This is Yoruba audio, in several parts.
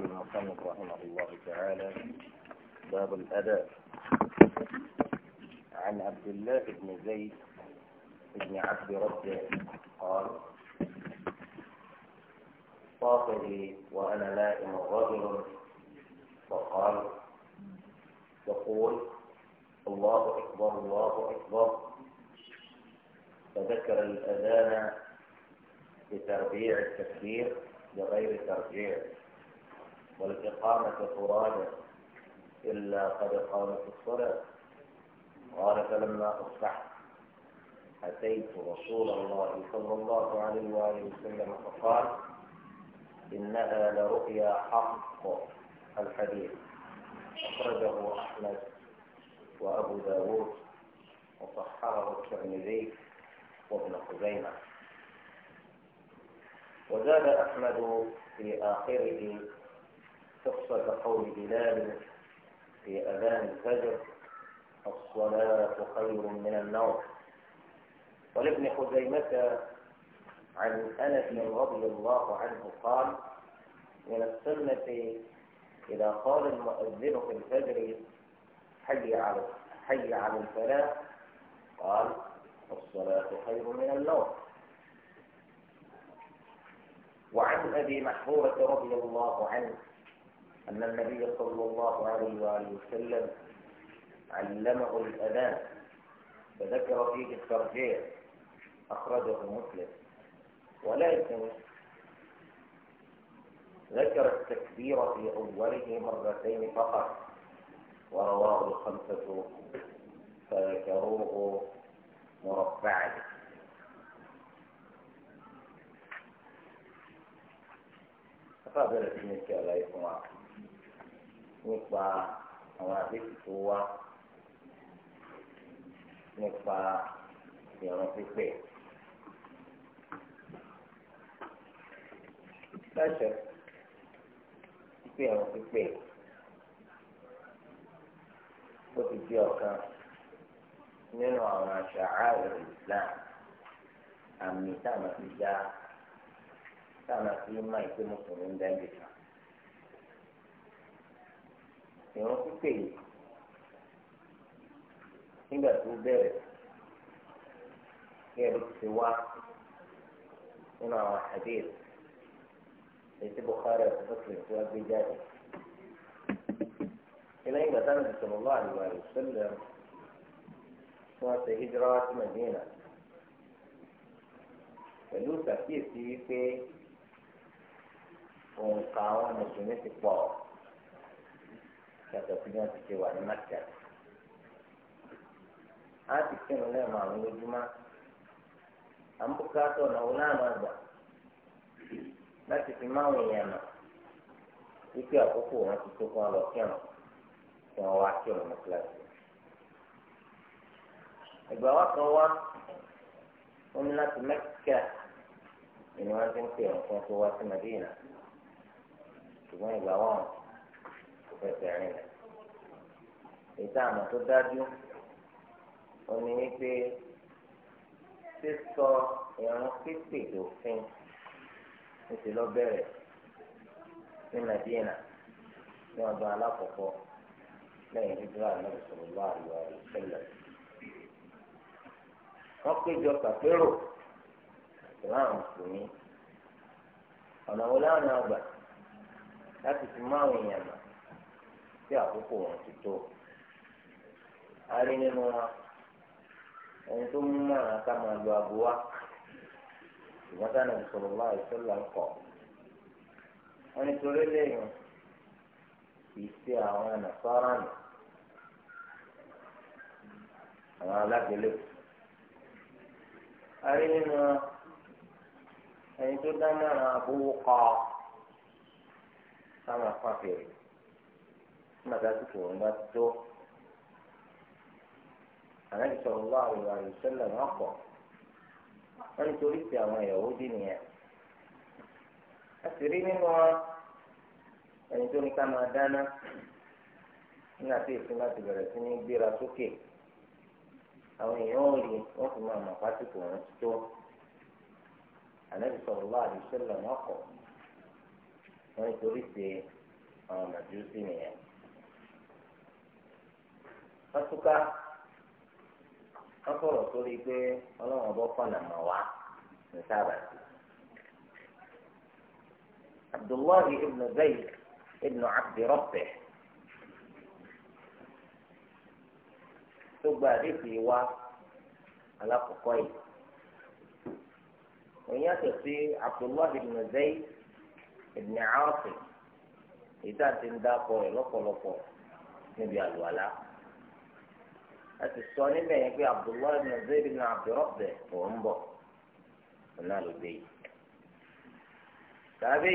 يقول المصنف رحمه الله تعالى باب الأداء عن عبد الله بن زيد بن عبد ربه قال طاف وأنا نائم رجل فقال تقول الله أكبر الله أكبر فذكر الأذان بتربيع التكبير بغير ترجيع والإقامة فرادى إلا قد قامت الصلاة قال فلما أصبحت أتيت رسول الله صلى الله عليه وآله وسلم فقال إنها لرؤيا حق الحديث أخرجه أحمد وأبو داود وصححه الترمذي وابن خزيمة وزاد أحمد في آخره تقصد قول بلال في أذان الفجر الصلاة خير من النوم ولابن خزيمة عن أنس رضي الله عنه قال من السنة إذا قال المؤذن في الفجر حي على حي على الفلاح قال الصلاة خير من النوم وعن أبي محفورة رضي الله عنه أن النبي صلى الله عليه وآله وسلم علمه الأذان فذكر فيه الترجيع أخرجه مسلم ولكن ذكر التكبير في أوله مرتين فقط ورواه الخمسة فذكروه مربعا فقابلت منك لا يسمعك nípa àwọn àdéhùn tó wá nípa ìran pípẹ́. Láṣẹ pípẹ́ ìran pípẹ́ ó ti di ọ̀kan nínú àwọn àṣà ààrẹ Islam àmì táwọn ti já táwọn ti máa ìpè mùsùlùmí dẹ́gbẹ̀ta. ìrún pípé yìí nígbà tó bẹ̀rẹ̀ kí ẹ̀rọ ti wá nínú àwọn àdéhùn ètò Bukhari àti Muslim tí wá gbé jáde. إلى أن النبي صلى الله عليه وسلم وقت هجرة مدينة pẹ̀lú sakiyesi wípé òǹkà àwọn mùsùlùmí ti pọ̀ yàtọ̀ sí wọn ti ṣe wà ní mákìá á ti kírun lẹ́ẹ̀mọ àwọn lójúmọ́ àmúkátọ̀ náwó láàmú àgbà láti fi máa wọn èèyàn nà wípé àkókò wọn ti tó kán lọ kírun kí wọn wá kírun ní kíláàsì ìgbà wa kan wá wọn ní láti mẹ́kà ìní wọn ti ń pè wọn tó wá sí Mẹ́dínà ṣùgbọ́n ìgbà wọn. fẹsẹ̀ rìn ìta àmọ̀ tó dájú ó wípé sísọ ìrún pípé dòfin ó ti lọ bẹ̀rẹ̀ ní Madina ní ọdún alákọ̀ọ́kọ́ lẹ́yìn hijira náà péjọ pàpérò tí àkókò wọn ti tó a rí nínú wa ẹni tó mú màrà ká máa lo abo wa ìwọ́n dáná ìṣòro wa ìṣòro ń kọ̀ wọ́n ní torí lẹ́yìn kì í ṣe àwọn nàfárà nù àwọn alágbélébù a rí nínú wa ẹni tó dá màrà abówó kọ́ ká máa fà fèrè nígbà tá a ti kìlọ̀ nígbà tó ànábì sallallahu alaihi wasallam wọn kọ̀ wọn nítorí pé àwọn ìyàwó dì nìyẹn a sì rí nínú wọn ẹni tó ní ká máa dáná nígbà tí èsì máa ti bẹ̀rẹ̀ sí ní gbéra sókè àwọn èèyàn ò rí wọn fi máa mọ̀ pásítọ̀ wọn ti tó ni. sallallahu alaihi wasallam wọn kọ̀ wọn nítorí pé àwọn màjú sí nìyẹn atuka akọrọ sórí pé ọlọ́run ọbọ fọnà mọ wá ní sábà sí abdullahi ibn zayd ibn abdi rabbih tó gba àdéhùn wa alákọ̀ọ́kọ́ yìí òun yàtọ̀ sí abdullahi ibn zayd ibn aasi èyí ti ń dákọ̀ rẹ̀ lọ́pọ̀lọpọ̀ níbi àlùwàlá a ti sọ níbẹ̀ yẹn pé abdullahi bin zayd bin abdurrabbe òun bọ̀ òun náà ló gbé yìí. tàbí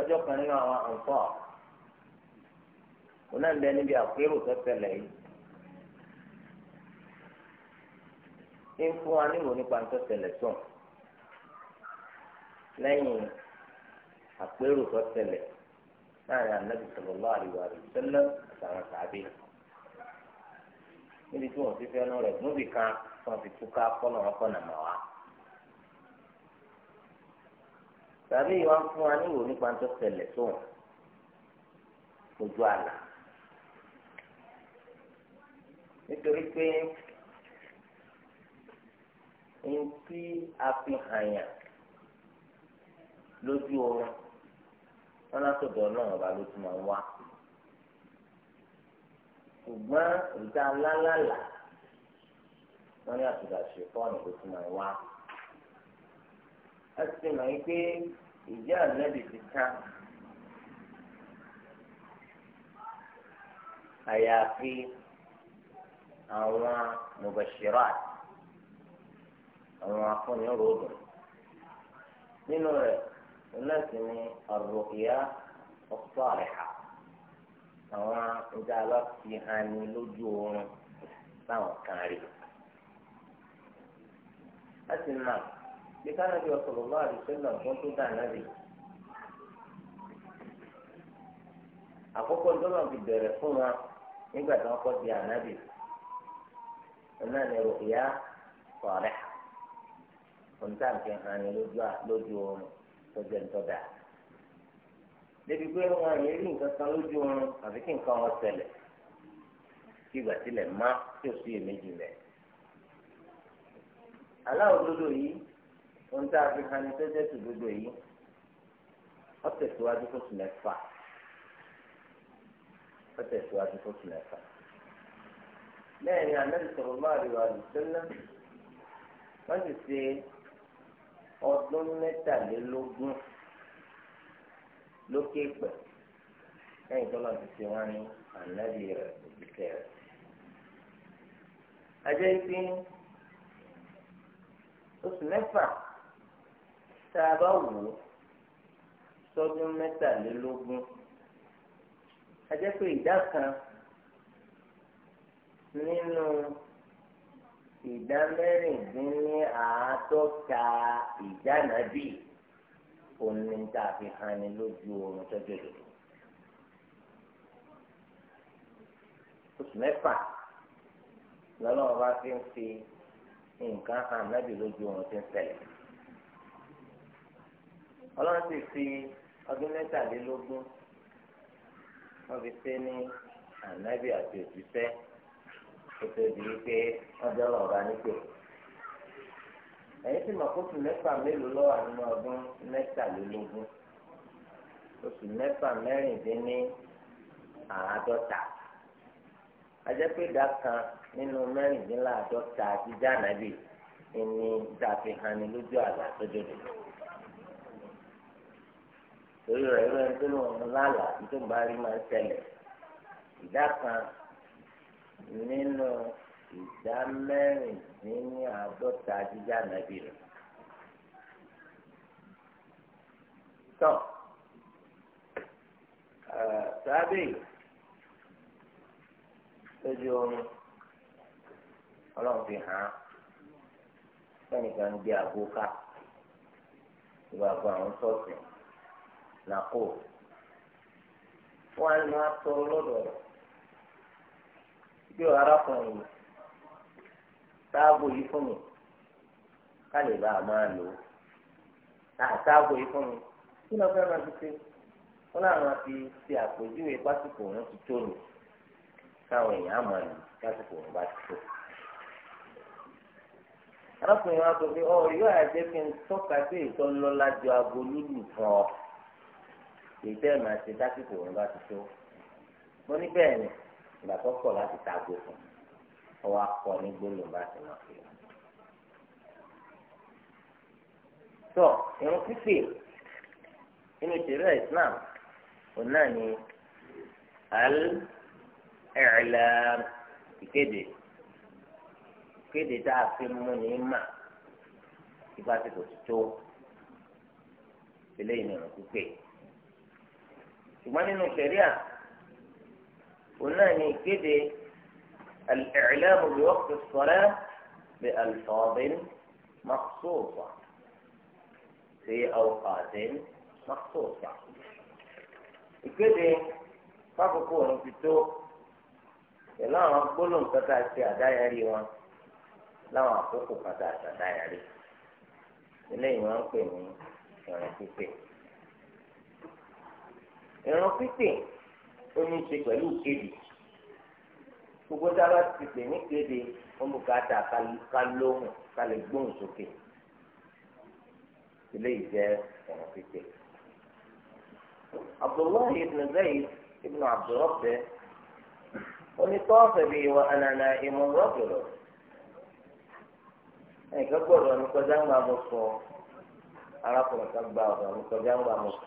ọjọ́ kan nínú àwọn àǹfọ̀ òun náà ń bẹ níbi àpérò tó tẹ̀lé yìí. ń fún wa nílò nípa tó tẹ̀lé sùn lẹ́yìn àpérò tó tẹ̀lé láàrin anabi sallallahu alaihi wa sallam àtàwọn tàbí náà níbi tí wọn ti fẹ́ náà rẹ̀ níbi kan tí wọn fi túká kọ́nà wọn kọ́nà mọ́ wa. tàbí ìwà ń fún wa níwò nípa tó tẹlẹ̀ sóun ojú àlà nítorí pé ní tí a fi hàn yàn lójú oorun wọn látọ̀dọ̀ náà ọba ló ti máa ń wá ṣùgbọ́n ìta lálàlà wọ́n ní àtúntà ṣe fọ́ọ̀nù tó tún máa wá. a ti mọ̀ pé ìjà ànábì ti ká àyàfi àwọn mubashirat àwọn afúnni ròdùn nínú rẹ̀ ọ̀nà sì ni ar-ru'ya as-salihah. àwọn níta bá fi hàn ní lójú oorun báwọn kan rí a sì mà bí kánábì ọ̀sọ̀rọ̀ lọ́wọ́ àdìsẹ́lẹ̀ fún tó dà náà rè àkọ́kọ́ dọ́là fún wa nígbà di ànábì ọ̀nà sọ̀rẹ́ ọ̀nà tí a fi hàn ní lójú oorun tó débi pé wọn àyè rí nǹkan kan lójú wọn àfi kí nǹkan wọn ṣẹlẹ̀ kí ìgbà tilẹ̀ má tí ò sí èméjì rẹ̀. aláwọ̀ dodo yìí ohun tá a fi hàn tẹ́tẹ́ tó dodo yìí ó tẹ̀síwájú kó tún mẹ́fà ó tẹ̀síwájú kó tún mẹ́fà. lẹ́yìn anábì sọ̀rọ̀ máa rí wa lù sẹ́lẹ̀ wọ́n sì ṣe ọdún mẹ́tàlélógún. lókè pẹ lẹ́yìn tó ti ṣe wá ní ànábì rẹ òbíkẹ́ rẹ̀. ajẹ́ pé oṣù mẹ́fà tá a bá wò ó sọ́dún mẹ́tàlélógún ajẹ́ pé ìdá kan nínú ìdá mẹ́rìndínláàádọ́ta ìdá nàbí. No, òun ní tá a fi hàn ní lójú oorun tọ́jú òdòdó. oṣù mẹ́fà lọ́lọ́run bá fi ń fi nǹkan hàn nábì lójú oorun tí ń ṣẹlẹ̀. ọlọ́run sì fi ọdún mẹ́tàlélógún wọ́n fi ṣe ní ànábì àti òṣìṣẹ́ ẹ̀yin sì mọ̀ kóṣù mẹ́fà mélòó lọ́wọ́ nínú ọdún mẹ́tàlélógún oṣù mẹ́fà mẹ́rìndínní àádọ́ta ajẹ́pẹ́dà kan nínú mẹ́rìndínláàádọ́ta jíjá nàbì ẹni dàbí hàní lójú àlá tọ́jú rẹ̀ torí rẹ̀ irú ẹni tó lálà tó bá rí máa ń ìdá kan nínú. ìdá mẹ́rin dín ní àádọ́ta jíjá nàbí rẹ̀. tọ́ sábẹ́ lójú oorun ọlọ́run fi hàn án sẹ́nìkan gbé ká ìwà àwọn sọ́ọ̀sì nàkó á àtọ́ sáàbù yìí fún mi ká lè bá a máa lò ó sáàbù yìí fún mi kí ló fẹ́ máa fi ṣe wọn làwọn fi ṣe àpèjúwe pásítọ̀ òun ti tó lò káwọn èèyàn á máa lò pásítọ̀ òun bá ti tó. arákùnrin wa sọ pé ọ yóò àjẹ kí n tọ́ka sí ìtọ́lọ́lá ju aago lúlù fún ọ ìtẹ́ màá ṣe pásítọ̀ òun bá ti tó. mo ní bẹ́ẹ̀ ni ìgbà tó kọ̀ láti ta aago fún un ọwọ́ akọ ní gbólóhùn bá ti máa fi hàn. tó irun fífi inú ìṣẹ̀lẹ̀ Islam òun náà ni al-i'lam ìkéde ìkéde tá a fi mú ní mà ìgbà tí kò tó eléyìí ni pípé ṣùgbọ́n nínú ìṣẹ̀lẹ̀ òun náà ni ìkéde. الإعلام بوقت الصلاة بألفاظ مخصوصة في أوقات مخصوصة كده فاكو كونو في تو لا كلهم تتعشى دايري وان لا فاكو تتعشى دايري إلي ما في وانا كيفي وانا كيفي وانا كيفي gbogbo tá a bá ti pè ní kéde wọn bò káta ká lóhùn ká lè gbóhùn sókè eléyìí jẹ ọ̀rọ̀ pípé. abdullahi ibn zayd ibn abdurrabbe onítọ́ọ̀fẹ̀ bíi wa ànànà ìmọ̀rọ̀bìrọ̀ ẹnìkan gbọ́dọ̀ ní kọjá ń gbà mọ sọ arákùnrin kan gba ọ̀dọ̀ ní kọjá ń gbà sọ.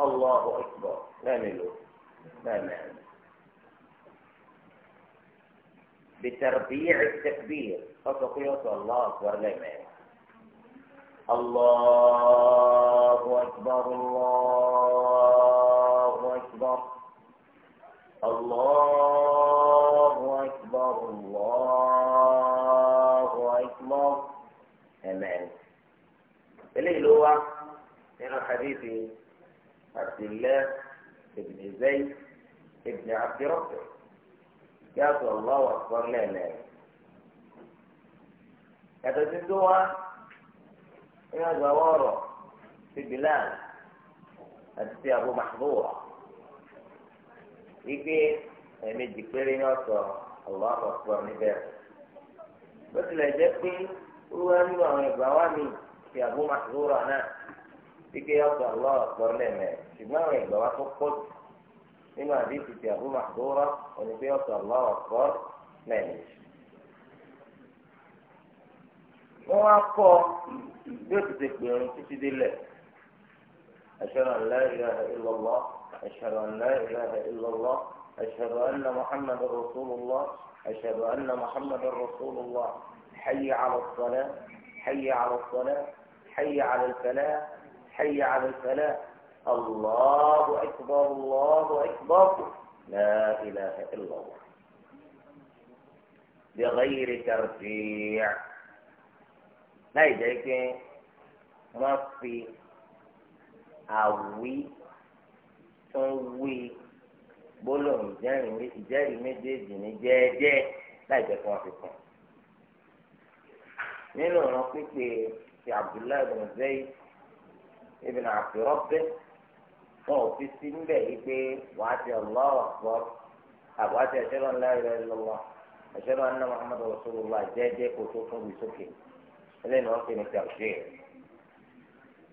الله أكبر لا لا معنى بتربيع التكبير فتقول الله أكبر لا الله أكبر الله أكبر الله أكبر الله أكبر أمان إليه هو من الحديث عبد الله ابن زيد ابن عبد ربه يا الله أكبر لا لا هذا الدواء إلى زواره في بلاد أتي أبو محظورة يجي ẹ̀mejì péré ní ọ̀sọ̀ ọ̀wá ọ̀pọ̀ níbẹ̀. bó tilẹ̀ jẹ́ pé wíwá nínú àwọn ìgbà wà ike ọ̀sẹ̀ ọlọ́wọ́ ọ̀pọ̀ lẹ́mẹ̀ ṣùgbọ́n àwọn ìgbà wa tó pọ̀ jù nínú àdéhùn ti àbú màdúrà òní pé ọ̀sẹ̀ ọlọ́wọ́ ọ̀pọ̀ lẹ́mẹ̀. wọ́n wá kọ́ bí ó ti ti pè ọ́n títí délẹ̀ ashhadu an la ilaha illallah ashhadu an la ilaha illallah ashhadu anna muhammadur rasulullah ashhadu anna muhammadur rasulullah hayya ala as-salah hayya ala as-salah hayya ala al-falah حي على الفلاح الله أكبر الله أكبر لا إله إلا الله بغير ترجيع لا يجيك رفي أوي اوي بولون جاي جاري جاي جاي لا يجيك رفي كون نيلو رفي في عبد الله بن زيد ابن عبد ربه wọn ò fi sí níbẹ̀ yìí pé wàá ti Allahu Akbar àbọ̀ àti ashhadu an la ilaha illallah ashhadu anna Muhammadu Rasulullah jẹ́jẹ́ kó tó fún mi sókè ẹlẹ́nu wọn fi ní tàwùjẹ́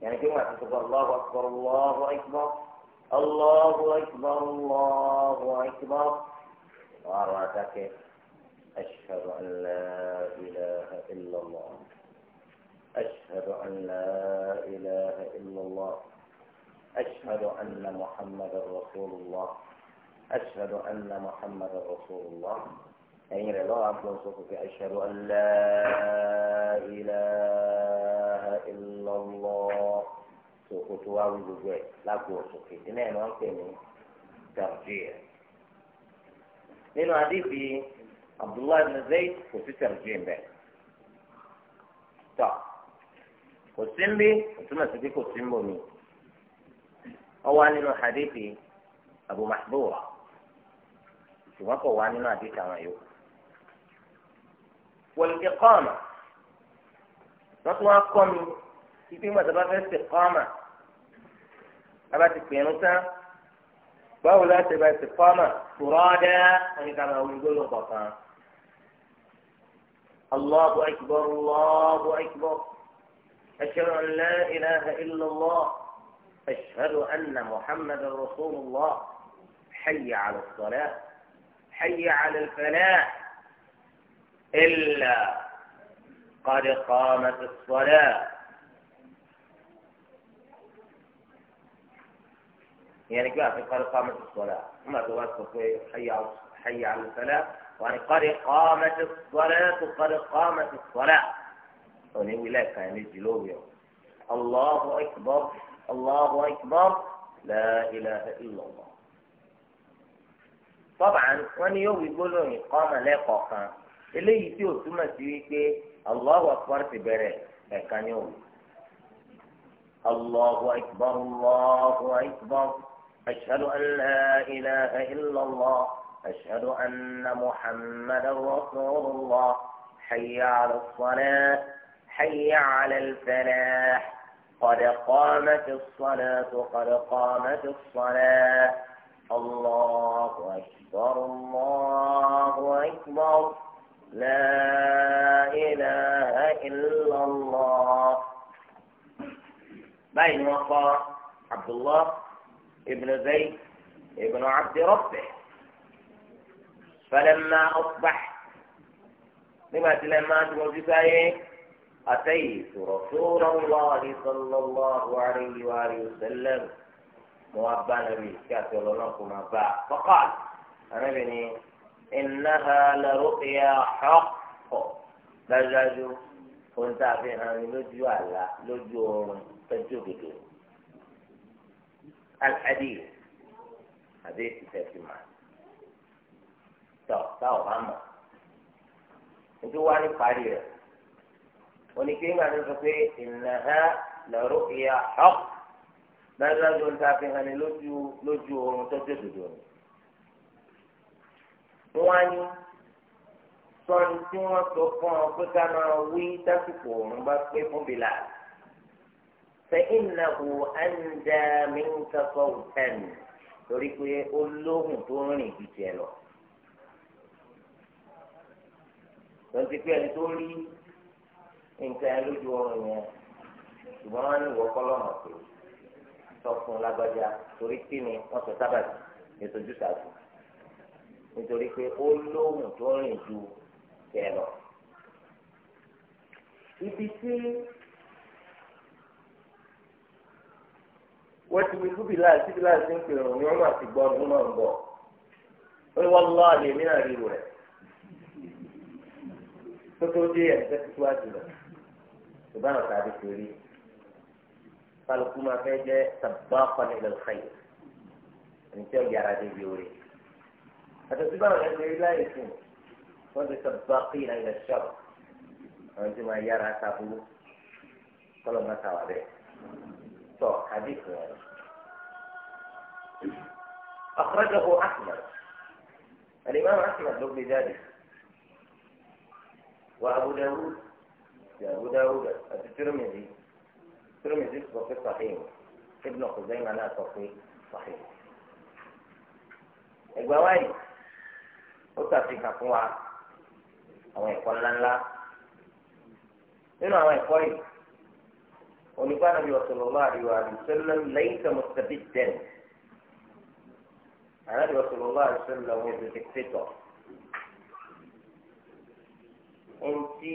yẹn kí wọn àti sọ́kọ́ Allahu Akbar Allahu Akbar Allahu Akbar Allahu Akbar wàá rọ àdákẹ́ ashhadu an la ilaha illallah. أشهد أن لا إله إلا الله أشهد أن محمد رسول الله أشهد أن محمد رسول الله يعني لا أفضل صفك أشهد أن لا إله إلا الله سقط وجوه لا قوسك دينا نوكني ترجيع لأنه في عبد الله بن زيد وفي ترجيع به kò sí ń bí kò sí pé kò Abu Mahdura ṣùgbọ́n kò wá nínú hadithi àwọn yòókù wọlùkẹ́ kọ́ọ̀mà wọ́n tún wá kọ́ mi ibi ìgbà tó bá fẹ́ ṣe kọ́ọ̀mà bàbá ti pè é tán báwo la ṣe bá ṣe kọ́ọ̀mà máa أشهد أن لا إله إلا الله أشهد أن محمد رسول الله حي على الصلاة حي على الفلاح إلا قد قامت الصلاة يعني كيف قد قامت الصلاة ما توقف حي على حي على الفلاح يعني قد قامت الصلاة قد قامت الصلاة òní wílẹ̀ kan méjì lórí ọ. Allahu akbar Allahu akbar la ilaha illallah. Tọ́ba wọn ni yóò wí gbólóyìn kọ́mọ lẹ́kọ̀ọ̀kan eléyìí tí ò túmọ̀ sí wípé Allahu akbar ti bẹ̀rẹ̀ ẹ̀ka ni òun. Allahu akbar Allahu akbar ashhadu an la ilaha illallah. أشهد أن محمدا رسول الله حي على الصلاة حي على الفلاح قد قامت الصلاة قد قامت الصلاة الله أكبر الله أكبر لا إله إلا الله بين وقع عبد الله ابن زيد ابن عبد ربه فلما أصبح لما تلمات موجودة أتيت رسول الله صلى الله عليه وآله وسلم موابانا كاتل لكم أبا فقال أنا بني إنها لرؤيا حق بجاج كنت فيها نجو على لجو تجوبك الحديث حديث تسمع تو تو هم انتوا واني قارئ oníkiri máa ń sọ pé ìnáhà lọ́rọ̀ ìyá ọ́k dájúdájú ń ta fi hàn ní lójú lójú oorun tó dé dòdò rẹ̀. wọ́n á ní sọ́ni tí wọ́n sọ fún ọ pé ká máa wí dásìkò oorun bá pé fún bìlà. فإنه أندى منك صوتا torí pé ó tó ń rìn ju lọ. lọ́sí ẹni tó rí nǹkan ẹ lójú oorun yẹn ṣùgbọ́n wọn ní ìwọ kọ́lọ́mù pé sọ fún lágbájá torí kí ni wọ́n sọ sábàbí ètò ojúṣàjú nítorí pé ó lóhùn tó rìn ju tẹ̀ lọ. ibi tí wọ́n ti fi kúbi láti síbi láti ń pè rùn ni wọ́n máa ti gbọ́ ọdún náà ń bọ̀ ó ní wọ́n lọ́ àlè mí náà ríro rẹ̀ tó tó dé ẹ̀ ń tẹ́síwájú rẹ̀. سبحان الله تعالى كيري فالكما كيجة سباقا إلى الخير أنت يا راجل بيوري هذا سبحان الله تعالى لا يكون فانت سباقين إلى الشر أنت ما يرى تابو كل ما سوى به تو حديث أخرجه أحمد الإمام أحمد بن ذلك وأبو داود àti Abu Dawud àti Tirmidhi Tirmidhi sọ pé sahih Ibn Khuzaymah náà sọ pé sahih. ẹgbẹ́ wáyé ó ṣàfihàn fún wa àwọn ẹ̀kọ́ ńláńlá nínú àwọn ẹ̀kọ́ yìí onígbà nàbí sallallahu alaihi wa sallam laysa mustabiddan ànábì sallallahu alaihi wa sallam wọn èdè dìkítẹ́tọ̀ ẹ̀ńtí.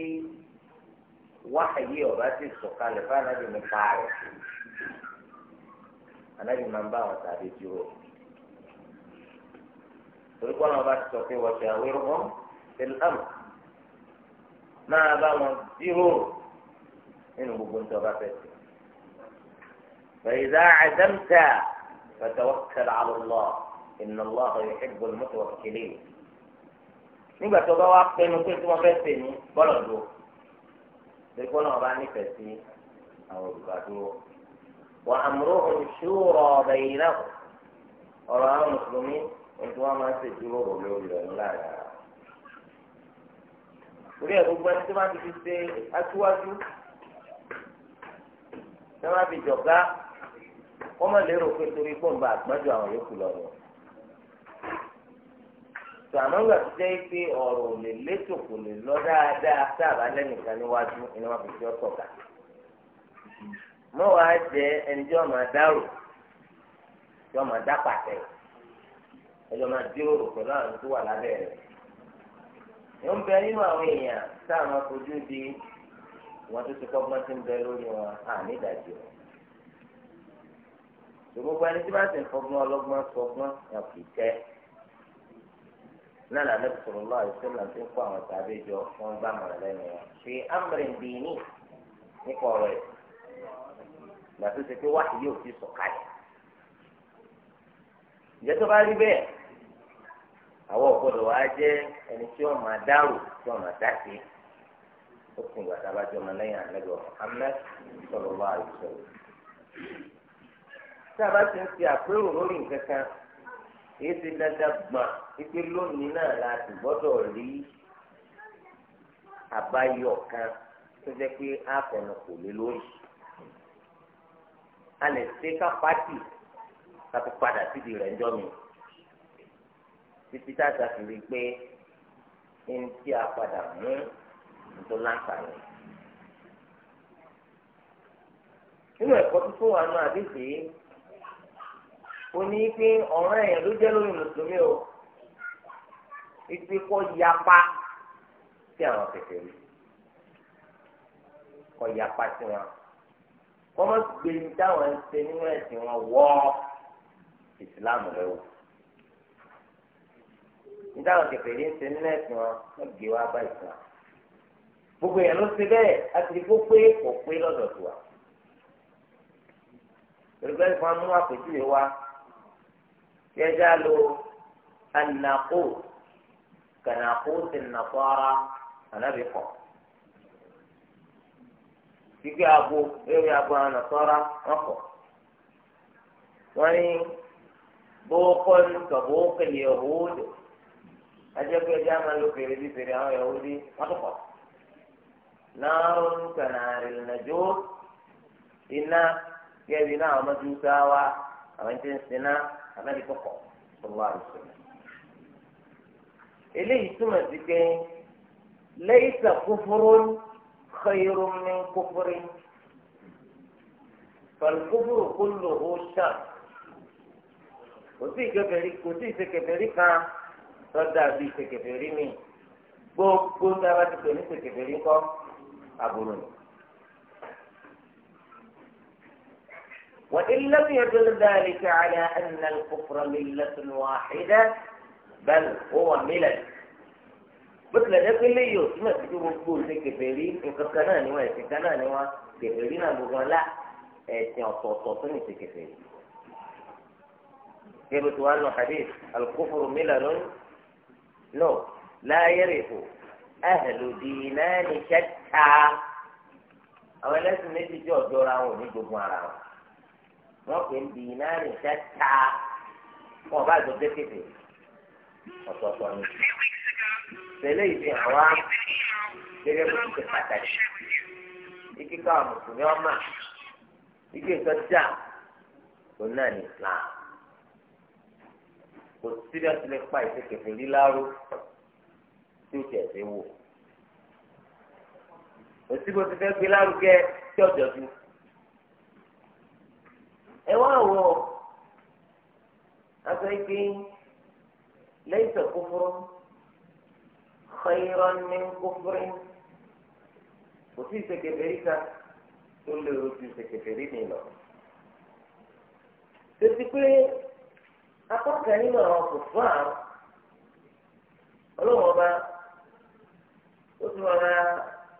wáyé ọba ti sọ̀kalẹ̀ fún anabi nípa rẹ̀ anabi máa ń bá àwọn tàbí dúró torí kọ́ náà bá ti sọ pé wọ́n ti àwérò wọn tẹlifam máa bá wọn jíròrò nínú gbogbo nítorí ọba fẹ́ sí. فإذا عزمت فتوكل على الله إن الله يحب المتوكلين. nígbà tó bá wá pinnu pé tí wọ́n fẹ́ sè ní bọ́lọ̀ dùn. lẹ́kọ́ náà bá nífẹ̀ẹ́ sí àwọn olùgbàdúró. wà á múrò ohun ṣúrọ̀ ọ̀bẹ̀ yìí náà ọ̀rọ̀ àwọn mùsùlùmí ètò wọn máa ń ṣe dúró rò lórí rẹ̀ láàárọ̀. orí ẹ̀ gbogbo ẹni tó bá ti fi ṣe aṣíwájú tó bá fi jọ̀gá kọ́mọ̀lérò pé torí pọ́ǹba àgbájọ àwọn yòókù lọ́wọ́ sàmọ́ gbà tó jẹ́ pé ọ̀rọ̀ ò lè létò kò lè lọ dáadáa sáàbà lẹ́nìkan níwájú iná wọn fi jọ sọ̀gà. mọ́ wàá jẹ ẹni tí wọ́n máa dárò tí wọ́n máa dá pàtẹ ẹjọ́ máa jíròrò pẹ̀lú àwọn tó wà lábẹ́ rẹ̀. ó ń bẹ nínú àwọn èèyàn sáàmọ́ fojú di wọn tó ti kọ́gbọ́n tí ń bẹ lórí wọn àní ìdájọ́ rẹ̀. ẹni tí bá ti fọgbọ́n ọlọ́gbọ́n fọgbọ́n wọn náà lànà ìṣòro náà ìṣòro náà ti ń kó àwọn tàbí jọ fún gbàmọ̀ràn lẹ́nu wọn ṣe amúrin bìíní nípa ọ̀rọ̀ ẹ̀ ìgbà tó ṣe pé wáṣí yóò fi sọ̀kalẹ̀ ìjẹ́ tó bá rí bẹ́ẹ̀ àwọn ọ̀gbọ́dọ̀ wa jẹ́ ẹni tí wọ́n máa dárò tí wọ́n máa dá sí ó kún ìgbà tá a bá jọ ọmọ lẹ́yìn àlẹ́gbẹ̀ Muhammad sọ̀rọ̀ wa àìsọ̀rọ̀ tí a bá ti ń fi àpérò lórí nǹkan kan kìí ṣe dandan gbà wípé lónìí náà la sì gbọ́dọ̀ rí àbáyọ kan tó jẹ́ pé a fẹ̀nà kò lé lórí. a lè ṣe ká pàtì ká fi padà síbi rẹ̀ ńjọ́ mi títí tá a ṣàfihàn rí pé ẹni tí a padà mú nítorí láǹfààní. nínú ẹ̀kọ́ tuntun wa náà àdéhùn ó ní pé ọ̀ràn èèyàn ló jẹ́ lórí mùsùlùmí o ìpè kọ́ yapa sí àwọn kẹfẹ́ rí kọ́ yapa sí wọn kọ́ mọ́ gbé ní táwọn ń ṣe nínú ẹ̀sìn wọn wọ́ ìsìláàmù rẹ wò ní táwọn kẹfẹ́ rí ń ṣe nínú ẹ̀sìn wọn wọ́n gbé wá bá ìsìláàmù gbogbo èèyàn ló ṣe bẹ́ẹ̀ láti kó pé kò pé lọ́dọ̀ tó wa. Èrùbẹ́ni kan mú àpèjúwe wa. يجعل الناقوس كناقوس النصارى النبي قال يجي أبو يجي أبو النصارى نقول وني بوق كبوق اليهود أجب يا جماعة لو كيري في يهودي ما تقول نار كنار النجوم إن يبينا مجوسا وأنتم سنا àbẹ́rẹ́ kọ̀kọ̀ sọlá àdìsọ́lá. eléyìí túmọ̀ sí pé lẹ́yìísà kúfúrú xeyìrú ní kúfúrí fàlùkúfúrú kúlù ó ṣàn kò sí ìkẹfẹ̀rí kò sí ìṣèkẹfẹ̀rí kan lọ́dà bí ìṣèkẹfẹ̀rí mi gbogbo ní abá ti pè ní ìṣèkẹfẹ̀rí kọ́ àbúrò nìyí. وإن لم يدل ذلك على أن الكفر ملة واحدة بل هو ملل مثل ذلك اللي يوسم تجيب الكل في كفيرين إن كناني وإن كناني وكفيرين أبو غلاء إن صوتني في كفيرين كيف تقول حديث الكفر ملل لو لا يرث أهل دينان شتى أولا لازم نجي جو جو راهو نجي جو wọ́n pè ní dìínárì ṣẹ́ta wọn bá jọ dékèké ọ̀tọ̀ọ̀tọ̀ ni. tẹ̀lé ìdí àwa gẹ́gẹ́ bó ti ṣe pàtàkì ike káwọn mùsùlùmí ọmọ ike nǹkan jà òun náà ní Islam kò síbẹ̀ tí lè pa ìṣèkèfé líláró tí ó tẹ̀ sí wò. òsibò ti fẹ́ gbé lárugẹ tí ọ̀jọ̀ ju ẹ wá wọ aṣọ ike lẹ́yìn tó kúfúrú xeyìrán ní kúfúrú kò sí ìsèkèbèrè kan tó lérò sí ìsèkèbèrè mi lọ. tètè pé akọ́kẹ́ nínú àwọn kò fún àwọn bá ó ti rọra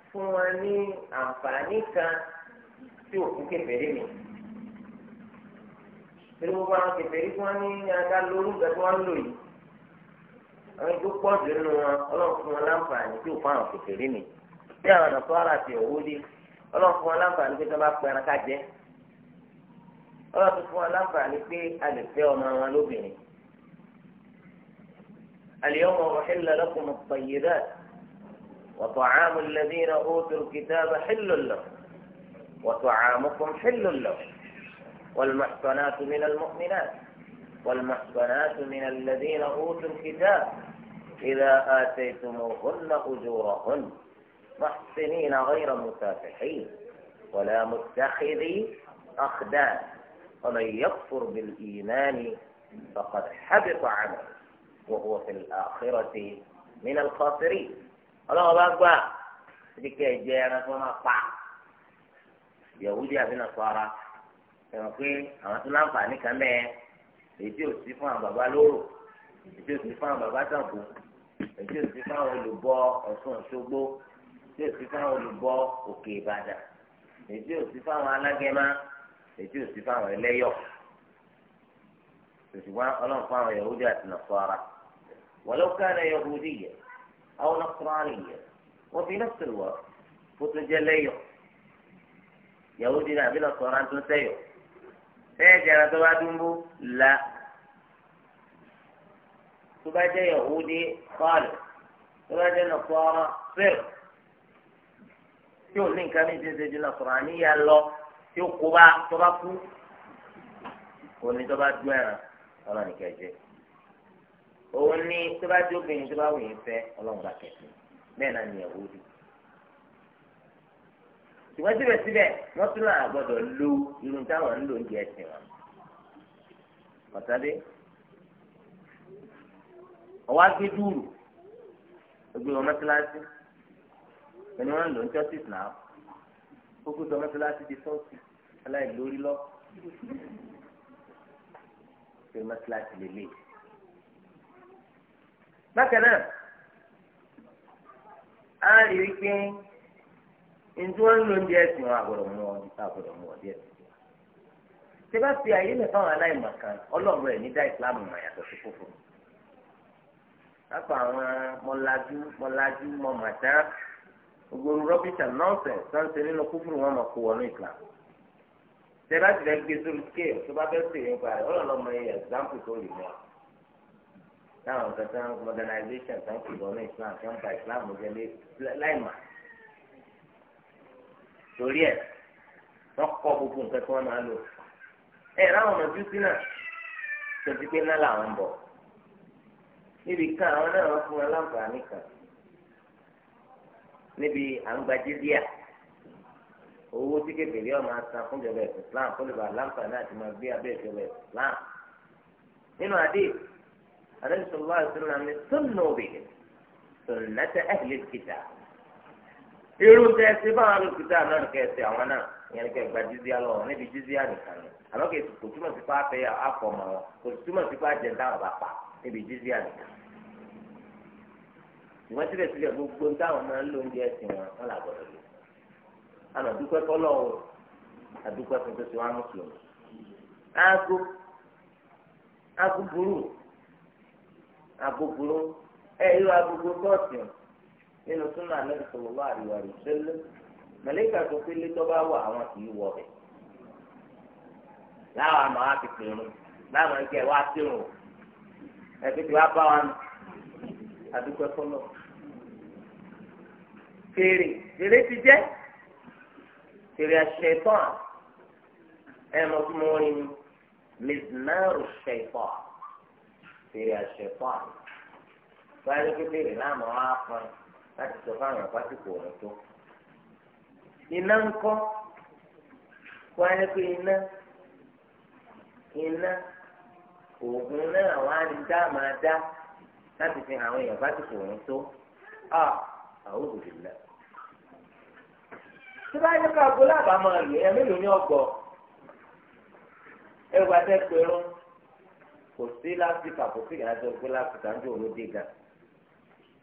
fún wa ní àǹfààní kan tí òkú kẹfẹ́ rí mi pẹ̀lú gbogbo àwọn kẹfẹ́ yìí wọ́n ní ada lórí nǹkan tí wọ́n ń lò yìí àwọn ikú pọ̀ jù nínú wọn ọlọ́run fún wọn láǹfààní tí ò fún àwọn kẹfẹ́ rí ni bí àwọn ọ̀nà sọ́ra ti ọ̀wọ́ dé ọlọ́run fún wọn láǹfààní pé tí wọ́n bá ká jẹ ọlọ́run fún wọn láǹfààní pé a fẹ́ ọmọ wọn lóbìnrin اليوم أحل لكم الطيبات وطعام الذين أوتوا الكتاب حل لكم وطعامكم حل لكم والمحصنات من المؤمنات والمحصنات من الذين أوتوا الكتاب إذا آتيتموهن أجورهن محسنين غير مسافحين ولا متخذي أخدان ومن يكفر بالإيمان فقد حبط عمله وهو في الآخرة من الخاسرين الله أكبر بكي جاءنا فما يهودي أبي نصارى ẹ̀rọ pé àwọn tó láǹfààní kan mẹ́ẹ̀ èdè òsì fún àwọn bàbá lóró èdè òsì fún àwọn bàbá tàǹkù èdè òsì fún àwọn olùbọ Ọ̀ṣun Òṣogbo èdè òsì fún àwọn olùbọ Òkè Ìbàdàn èdè òsì fún àwọn alágẹmá èdè òsì fún àwọn ẹlẹ́yọ̀ ṣùgbọ́n ọlọ́run fún àwọn Yahudi àti Nasara walau kana Yahudiyya aw Nasraniyya wa fi nafsi al-waqt kó tó jẹ́ lẹ́yọ̀ Yahudi náà àbí Nasara bẹ́ẹ̀ jẹrẹ tó bá dúró la tó bá jẹ́ yahudi kọ́ọ̀lù tó bá jẹ́ nàkọ́ọ̀rọ̀ fẹ́ẹ̀ tí ò ní nǹkan ní ìdíje ju nàkọ́ọ̀rọ̀ àníyá lọ tí ó kó bá tó bá kú òun ni tó bá dún ẹ̀ràn ọlọ́run nìkan òun ni tó bá dún obìnrin tó bá wù yín fẹ́ ọlọ́run bá kẹ̀kẹ́ bẹ́ẹ̀ náà ni yahudi ṣùgbọ́n síbẹ̀síbẹ̀ wọ́n tún náà gbọ́dọ̀ lo irun táwọn ń lò ń jẹ ẹ̀sìn wọn. ọ̀tádé ọwọ́ agbé dúró gbogbo ọmọ kíláàsì ẹni wọn ń lò ń churches náà gbogbo ọmọ kíláàsì ti sọ́ọ̀sì aláìlórí lọ pé ọmọ kíláàsì lè lè. bákan náà a rí i pé ntí wọn ń lo oúnjẹ ẹsìn wọn àgbọ́dọ̀ mú ọ àgbọ́dọ̀ mú ọ díẹ̀ díẹ̀ tí bá fi àyè nìkan wọn aláìmọ̀ kan Ọlọ́run rẹ ní dá ìsìlámù mọ yàtọ̀ sí kókó lápá àwọn mọlájú mọlájú mọmàtá gbogbo rọbìtà nọọsẹs tó ń ṣe nínú kúfùrù wọn mọ kó wọnú ìsìlám tí bá ti rẹ gbé sórí scale tó bá fẹ́ sè é nípa rẹ Ọlọ́run mọ iye ẹ̀sìlámù tó lè mọ táwọn kankan modernization tó ń kó wọnú ìsìlám tó ń ba ìsìlámù jẹ láìmọ̀ torí ẹ̀ wọ́n kọ́ gbogbo nǹkan tí wọ́n máa lò ẹ̀ ráwọn ọmọ júùsì náà tó pé náà làwọn ń bọ̀ níbi kan àwọn náà wọ́n fún wọn láǹfààní kan níbi àǹgbàjíríà owó tí kékeré ọmọ asan fún ìjọba ẹ̀sìn Islam kó lè bá láǹfààní àti máa gbé ìjọba Islam nínú adé àdéhùn sọlá ìṣúná mi òbí irú tẹ si báwọn alùpùpù náà nìkẹ ẹsẹ àwọn náà ìyẹn nìkẹ gba jizia lọ níbi jizia nìkan ni àmọ́ kò kò túmọ̀ sí pé afẹ́ afọmọ wọn kò túmọ̀ sí pé ajẹ́ táwọn bá pa níbi jizia nìkan. ìwọ́n síbẹ̀síbẹ̀ gbogbo táwọn máa ń lo ẹ̀sìn wọn wọn là gbọ́dọ̀ lò. àná dúpẹ́ kọ́lọ́ o àdúpẹ́ fún tó ti wá nínú súnà Ànábì sallallahu alaihi wa sallam mẹlẹ́kà tó pé lé tọ́ba wà àwọn kì í wọ bẹ̀. láwọn àmọ́ á ti pèrò láwọn ẹgbẹ́ wa ti rùn ẹgbẹ́ tí wàá bá wa nù àdúgbò fọlọ́. fèrè fèrè ti jẹ́ fèrè àṣẹ tán ẹ mọ̀ tó mọ̀ ní mizmaru shaytan fèrè àṣẹ tán báyìí pé fèrè náà mọ̀ á láti sọ fáwọn àpásìkò tó. iná ń kọ́ wáyé pé iná iná oògùn náà wá ní dá máa dá láti fi àwọn èèyàn tó. a àwọn òbí lẹ. tí bá yẹ ká agolo àbá ẹ mélòó ọgbọ ẹ wà tẹ kò sí kò sí pé òun dé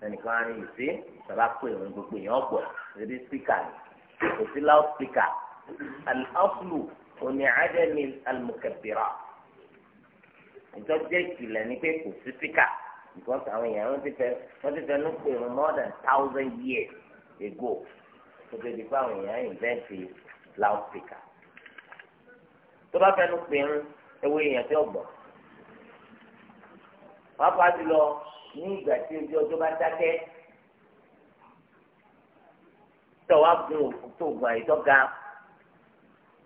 ẹnìkan á ní ìsí bàbá pè òun gbogbo èèyàn ọ̀pọ̀ lórí spíkà ni kò sí loud speaker al-aflu òní àdẹ́mi al-mukabbira ìjọ́jẹ́ ìkìlẹ̀ ni pé kò sí spíkà because àwọn èèyàn wọ́n ti fẹ́ wọ́n ti fẹ́ ló pè òun more than thousand years ago tó ti di pé àwọn èèyàn invent loud speaker tó bá fẹ́ ló pè òun ewé èèyàn tí ó gbọ́ wọ́n á pa á ti lọ ní ìgbà tí ojú ọjọ́ bá dákẹ́ tó wá gun òkú tó gun àìtọ́ ga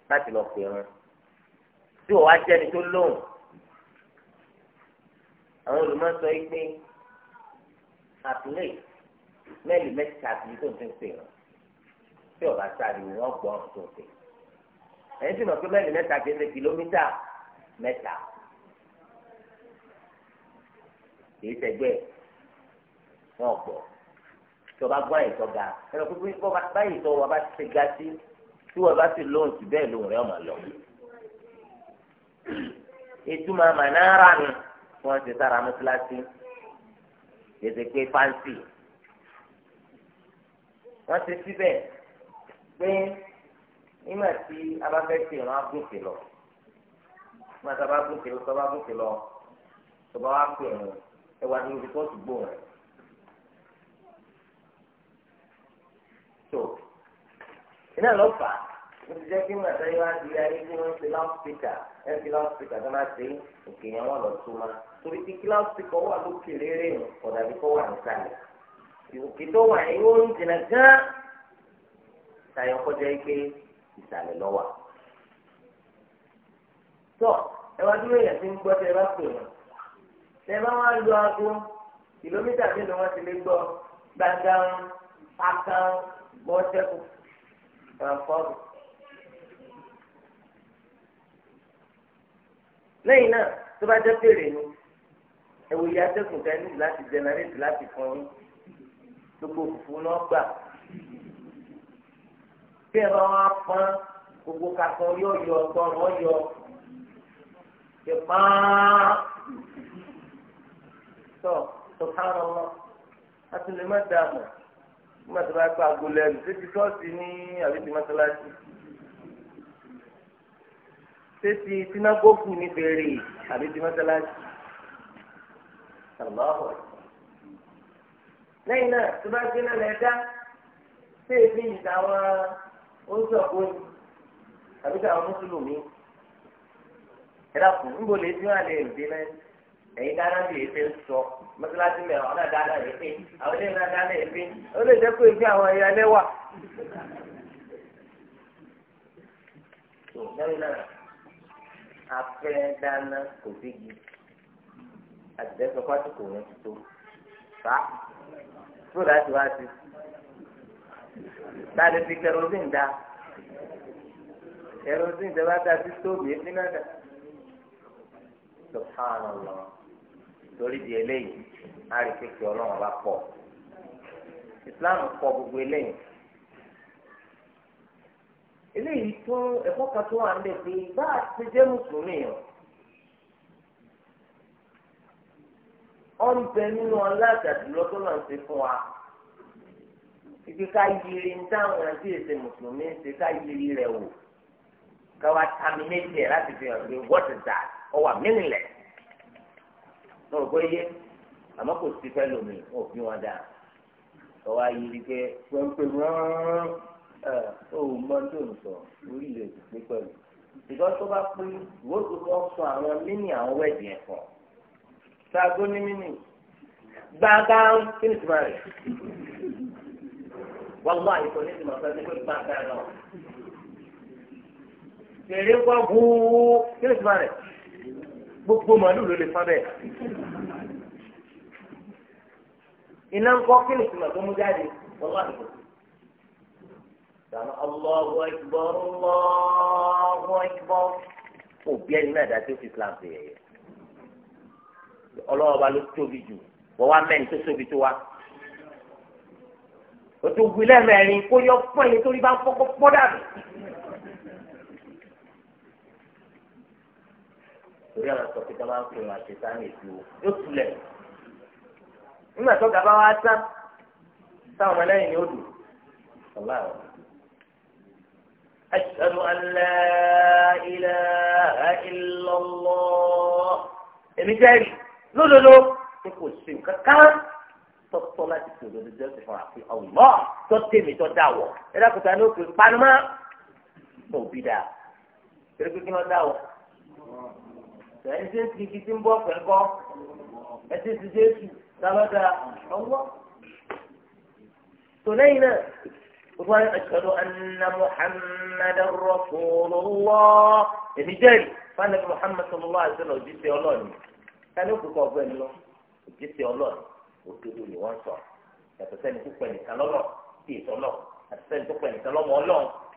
láti lọ pè wọn tí wọ́n wá jẹ́ni tó lóhùn àwọn olùmọ̀sọ yìí pé àtúlẹ̀ mẹ́lì mẹ́ta àti tó ń fi pè wọn tí ọba sáré wọn gbọ́ ọ̀hún tó ń pè ẹ̀yìn tí mo pé mẹ́lì mẹ́ta kìí ṣe kìlómítà mẹ́ta kìí sẹgbẹ́ wọn gbọ́ tí wọ́n bá gbọ́ àyè tó ga ẹ̀rọ pípé báyìí tó wọ́n bá ti ga sí tí wọ́n bá ti lóhùn sí bẹ́ẹ̀ lóhùn rẹ̀ ọ̀mà lọ. ìtumọ̀ mànára ni wọ́n ti sára mọ́síláṣí gbèsè pé fáǹsì wọ́n ti síbẹ̀ pé nígbà tí a bá fẹ́ ṣe ìran agúnfè lọ nígbà tí a bá gúnfè lọ a bá gúnfè lọ tó bá wá pè wọn ẹwà ni olùkọ́sù gbóhùn rẹ̀. tó iná lọ fà á mo ti jẹ́ kí n gbàtà yóò di ayé tí wọ́n ti láùsìkà ẹ̀ ti láùsìkà tó máa ṣe òkè yẹn wọ́n lọ tó máa torí ti láùsìkà wà lókè lérè nù ọ̀dà bí kò wà nísàlẹ̀ òkè tó wà yẹn yóò ń jìnnà gán tayọ kọjá ike ìsàlẹ̀ lọ́wà. tó ẹ wá dúró yẹn tí ń gbọ́ tẹ ẹ bá pè wọ́n tẹ́lá wọn lu aago kìlómítà mélòó wọn ti lè gbọ́ gbàgà aka gbọ́ sẹ́kù ẹ̀fọ́rù. lẹ́yìn náà tó bá jẹ́ péré ni ẹ̀wò ìyá sẹ́kùn kan níbi láti jẹnẹrétì láti fún yín gbogbo òfurufú náà gbà bí ẹ bá wọn pọ́n gbogbo kakọ yóò yọ ọgbọ́n yọ ṣe pọ́n. sọ subhanallah a ti lè má dààmú nígbà tó bá pa agolo ẹ̀rù ṣé ti ṣọ́ọ̀ṣì ní àbí ti mọ́ṣáláṣí ṣé ti sinagogu ní bèrè àbí ti mọ́ṣáláṣí aláwọ̀ lẹ́yìn náà tó bá gbé náà lẹ́dá ṣé ebi ìtàwọn oúnjẹ mùsùlùmí ẹ̀dá kù ń bọ̀ lè dín àlẹ́ ìdí náà. ẹ̀yin dáná bí èéfé ń sọ mọ́tíláṣí mẹ́rin ọ̀nà dáná èéfé àwọn ilé náà dáná èéfé ó lè jẹ́ pé èéfé àwọn ẹ̀yà ẹlẹ́wà. lẹ́yìn náà afẹ́ dáná kò ségi àtẹ̀sọ pásítọ̀ wọn ti tó fa tó láti wá sí táà fi kẹrosín dá kẹrosín tẹ bá dá sí stóòbù èéfé náà dá. subhanallah. torí di eléyìí á rí kékeré ọlọ́run ọba pọ̀ islam pọ̀ gbogbo eléyìí eléyìí tó ẹ̀kọ́ kan tó wà nílẹ̀ pé bá a ti jẹ́ mùsùlùmí o ọ̀nbẹ nínú ọ̀làjàdúró tó lọ́n fún wa ibi ká yiri ń dáhùn àti èsè mùsùlùmí ṣe yiri rẹ̀ wò ká wa méjì ẹ̀ what is that mo rò pé yé àmọ́ kò sí fẹ́ lómi wọn ò bí wọn dáa sọ wá yí rí pé pẹ́ńpẹ́ rán ó mọ tó ń sọ orílẹ̀ èdè pé pẹ̀lú ìjọ tó bá pé ìwé tó lọ sọ àwọn mímì àwọn wẹ̀dì ẹ̀ fọ́ ṣáàgó ní mímì gbàgbà kí ni tìmọ̀ rẹ̀ wọ́n mú àyíkọ́ ní tìmọ̀ sọ́dún pé gbàgbà náà tèrè kọ́ bú kí ni tìmọ̀ rẹ̀ gbogbo màálù ló lè fa bẹ́ẹ̀. iná ń kọ́ kí ni tìmọ̀ tó mú jáde wọ́n wà nìkan. sàmà Allahu akbar Allahu akbar òbí ẹni náà dájú fi Islam ṣe yẹ̀yẹ́. ọlọ́wọ́ bá ló tóbi jù wọ́n wá mẹ́rin tó tóbi tó wá. òtún gbilẹ̀ mẹ́rin kó yọ fún ẹni tó bá ń fọ́kọ́ pọ́ dàbí. torí àwọn sọ pé tó máa ń pè wọn àṣetá ní èdè o yóò tulẹ̀ nígbà tó gàba wa tán táwọn ọmọ lẹ́yìn ni ó dùn ọ̀la ọ̀ ashhadu an la ilaha illallah èmi jẹ́rìí lódodo tí kò sí nǹkan kan tọ́tọ́ láti fi òdodo jẹ́ òsì fún wa pé ọ̀lọ́ tó tèmi tó dà wọ̀ ẹ dákúta ní òkè panumá tó bí dáa pé kí wọ́n dà wọ̀ ẹni tí ń ti igi tí ń bọ́ pẹ̀ kọ́ ẹtí ti jésù sábàdà ọwọ́. tó lẹ́yìn náà gbogbo àwọn ashhadu anna muhammadan rasulullah èmi jẹ́rìí fanabi muhammad sallallahu alaihi wasallam òjíṣẹ́ ọlọ́ọ̀ni kálí òkùnkùn ọ̀gbẹ́ ni lọ òjíṣẹ́ ọlọ́ọ̀ni òdodo ni wọ́n sọ yàtọ̀ sẹ́ni tó pẹ̀lú ìtàlọ́lọ̀ sí ìtọ́lọ̀ àti sẹ́ni tó pẹ̀lú ìtàlọ́mọ ọlọ́ọ̀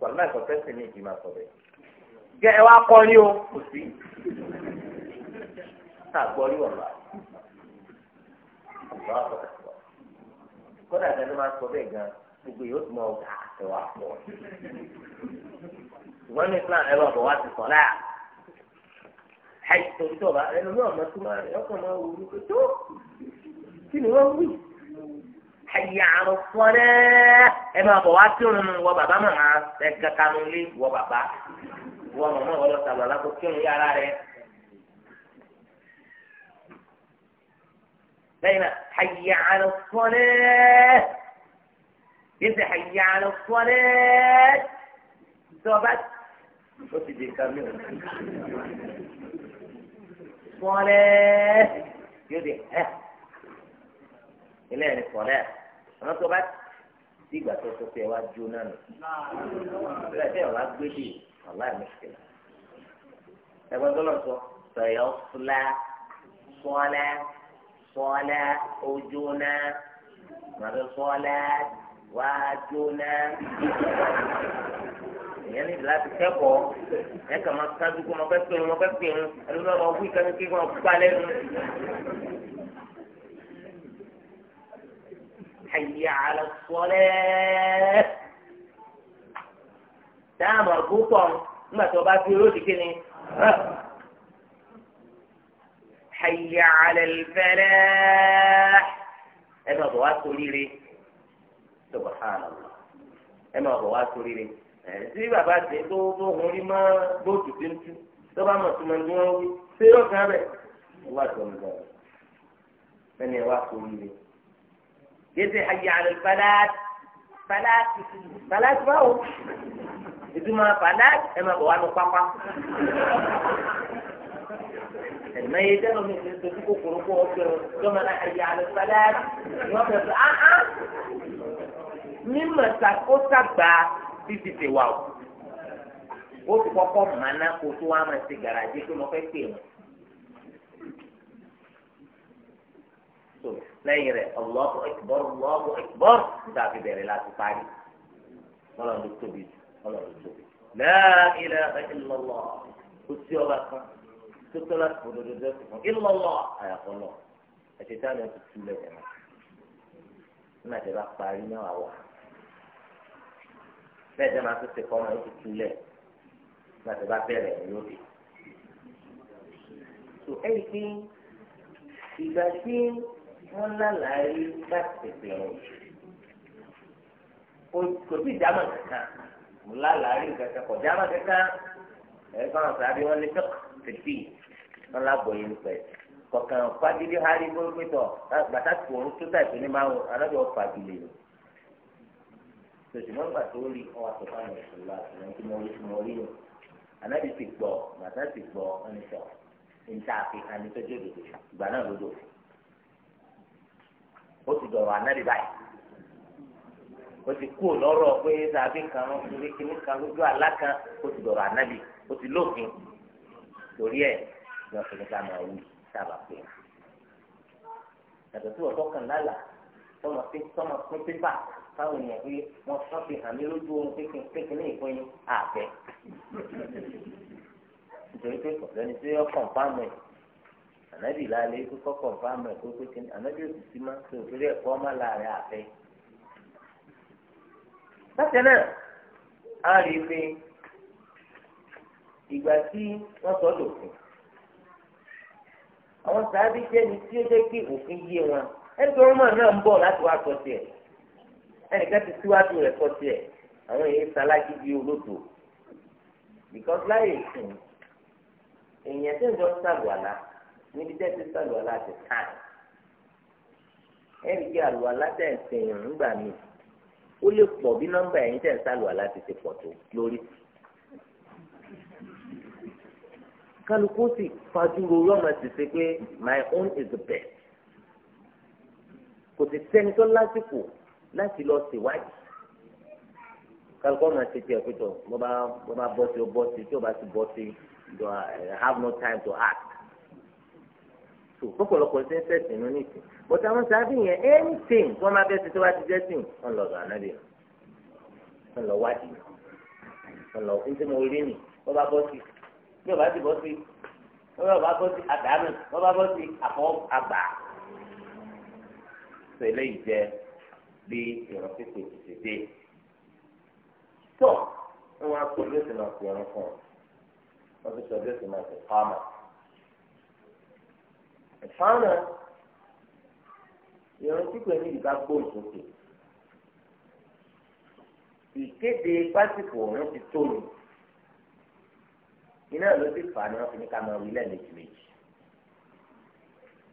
wàlúwà ìfọ̀fẹ́ sì ní ìgbìmọ̀ àkọ́bẹ̀. gẹ ẹ wá kọ́ ní o kò sí. tá a gbọ́ rí wọ̀lá. ìgbà wà pọ̀ pọ̀. kódà gan ló máa sọ bẹ́ẹ̀ gan gbogbo yóò tún mọ ọ̀gá ẹ wá pọ̀. ìwọ ní Islam ẹ bọ̀ wá ti sọ̀lá. àìsàn ìjọba ẹnu mi ò mọ túmọ̀ rẹ̀ ọkàn máa wù ú hayya ala salat ẹ máa bọ̀ wá sí òun wọ bàbá màmá ẹ kankanú lé wọ bàbá wọ màmá wọ lọ sàlọ̀ lákòó kí òun yára rẹ. lẹ́yìn náà àwọn tó bá sí ìgbà tó sọpẹ́ wá jó náà nù. ìgbà tí ìwà gbé dì ọ̀la ìmùsùlùmí. ẹgbẹ́ tó lọ sọ sọ̀yọ́ fúlá sọ́lá sọ́lá ojú náà màdó sọ́lá wàá jó náà. èèyàn ní láti kẹ́kọ̀ọ́ ẹ̀ kà máa kájú kó máa fẹ́ pé wọn fẹ́ pé wọn ẹ̀rọ náà máa kí wọ́n gbá lẹ́nu. hayya ala salat dáàmú ọ̀gbútọ̀ nígbà tí wọ́n bá fi olóòtú kí ni hayya ala al-falah ẹ máa bọ̀ wá sórí rẹ subhanallah ẹ máa bọ̀ wá sórí rẹ tí bàbá tẹ tó tó hun rí mọ bóòtù tó ń tú tó bá mọ̀ tó mọ̀ ní wọ́n wí ṣé yóò kàn bẹ̀ wọ́n wá sọ̀rọ̀ bẹ̀rẹ̀ lẹ́ni ẹ wá sórí kéde ayé àlè fàlàt fàlàt fàlàt báwo ìdúmọ̀ fàlàt ẹ máa bọ̀ wá lọ pápá. ẹ̀mẹ́ yìí dẹ́nu mi ti dojú kòkòrò kó ọ̀gbẹ́ o lọ́mọ náà ayé àlè fàlàt wọ́n fẹ́ fẹ́ áhán mímọ̀ sàkóso gbà títí ti wà o. ó ti kọ́kọ́ mọ̀ náà kó tó máa ti gàràjì pé mo fẹ́ pè wọ́n. الصبح lẹ́yìn rẹ̀ Allahu Akbar Allahu Akbar tàbí bẹ̀rẹ̀ láti parí ọlọ́run ló tóbi ọlọ́run ló tóbi La ilaha illallah kò sí ọba kan tó tọ́lá òdodo dẹ́kun fún illallah àyàfọ́ náà àti táwọn ẹ̀kú túlẹ̀ jẹ̀ náà nígbà tí a bá parí náà wà bẹ́ẹ̀ jẹ́ máa tó ṣe kọ́ máa ń tutù lẹ̀ nígbà tó bá bẹ̀rẹ̀ lóde. tó ẹ̀yìn pé ìgbà tí wọ́n lálàá rí láti tètè rò kò sí ìdámọ̀ kankan mo lálàá rí kankan kò dámọ̀ kankan ẹ̀ fáwọn sábẹ́ wọn lé tọ́kà tètè wọn lábọ̀ yẹn pẹ̀ kọ̀kan fagilé hali gbogbo tọ̀ bàtà tó ń tó tà ìpínlẹ̀ máa ń alájọ fagilé o tòṣùmọ́ gbà tó rí ọwọ́ àtọ́fà ní ìṣòro àtìlẹ́yìn tí mo rí tí mo rí o ànábì ti gbọ́ bàtà ti gbọ́ ọ́nìṣọ́ níta àfi ànitọ́jú òdòdó ìgbà náà lódò ó ti dọ̀rọ̀ ànábì báyìí ó ti kú lọ́rọ̀ pé sàbí kan lórí kìíní kan lójú àlá kan ó ti dọ̀rọ̀ ànábì ó ti lófin torí ẹ̀ lọ́ọ́ fi ní ká máa wí sábà pé yàtọ̀ sí ọ̀tọ́ kan lálà tọmọ pé tọmọ pín pépà táwọn èèyàn pé wọ́n sọ fi hàn mí lójú ohun pínpín pínpín ìpín ààbẹ̀ nítorí pé kọ̀ọ̀lẹ́ni tí ó kàn bá ẹ̀ ànábì lálẹ́ ikú kọ́kọ́ fáàmù ẹ̀kọ́ pé kí ànábì òsì sí má tó torí ẹ̀kọ́ má láàrin àfẹ́. bákan náà a rí i pé ìgbà tí wọ́n sọ lòfin àwọn sàábí jẹ́ni tí ó jẹ́ kí òfin yé wọn ẹni tó rọ́mọ̀ náà ń bọ̀ láti wá sọ tiẹ̀ ẹnìkan ti síwájú rẹ̀ sọ tiẹ̀ àwọn èèyàn sálájú bíi olódò because láyé ìsìn èèyàn tó ń jọ sàgbàlá níbi tẹ́ ti sọ̀rọ̀ wà láti tàn ẹ̀rí kí àlùwà látẹ̀ ń sèyàn nígbà míì ó lè pọ̀ bí nọ́mbà ẹ̀yìn tẹ̀ ń sàlùwà láti ti pọ̀ tó lórí. kálukú sì fajúro rọ́mà ti ṣe pé my own is the best kò sì sẹ́ni tó lásìkò láti lọ ṣèwádìí kálukú ọmọ ti tiẹ̀ pé tó bó bá bọ́ sí ó bọ́ sí tí ó bá ti bọ́ sí you have no time to act so pọ̀pọ̀lọpọ̀ ṣe ń fẹ̀sìn inú nìsín but àwọn sábì yẹn anything tí wọ́n máa fẹ́ ṣe tó bá ti jẹ́ sìn wọ́n lọ lọ ànábì wọ́n lọ wádìí wọ́n lọ ní tí mo rí nì wọ́n bá bọ́ sí bí wọ́n bá ti bọ́ sí wọ́n bá bọ́ sí àdánù wọ́n bá bọ́ sí àfọ́ àgbà sọ eléyìí jẹ́ bí ìrọ̀ pípé ti ṣe dé tó wọ́n á kó bí ó ti máa fi ọ̀rọ̀ fún ọ wọ́n ti sọ bí ó ti máa fi pamọ́ ẹ̀fọ́nà ìrún pípé ní ìgbà gbòòsókè ìkéde pásítọ̀ òun ti tó mi iná ló ti fà á ní wọn fi ní ká máa wí lẹ́ẹ̀mejì méjì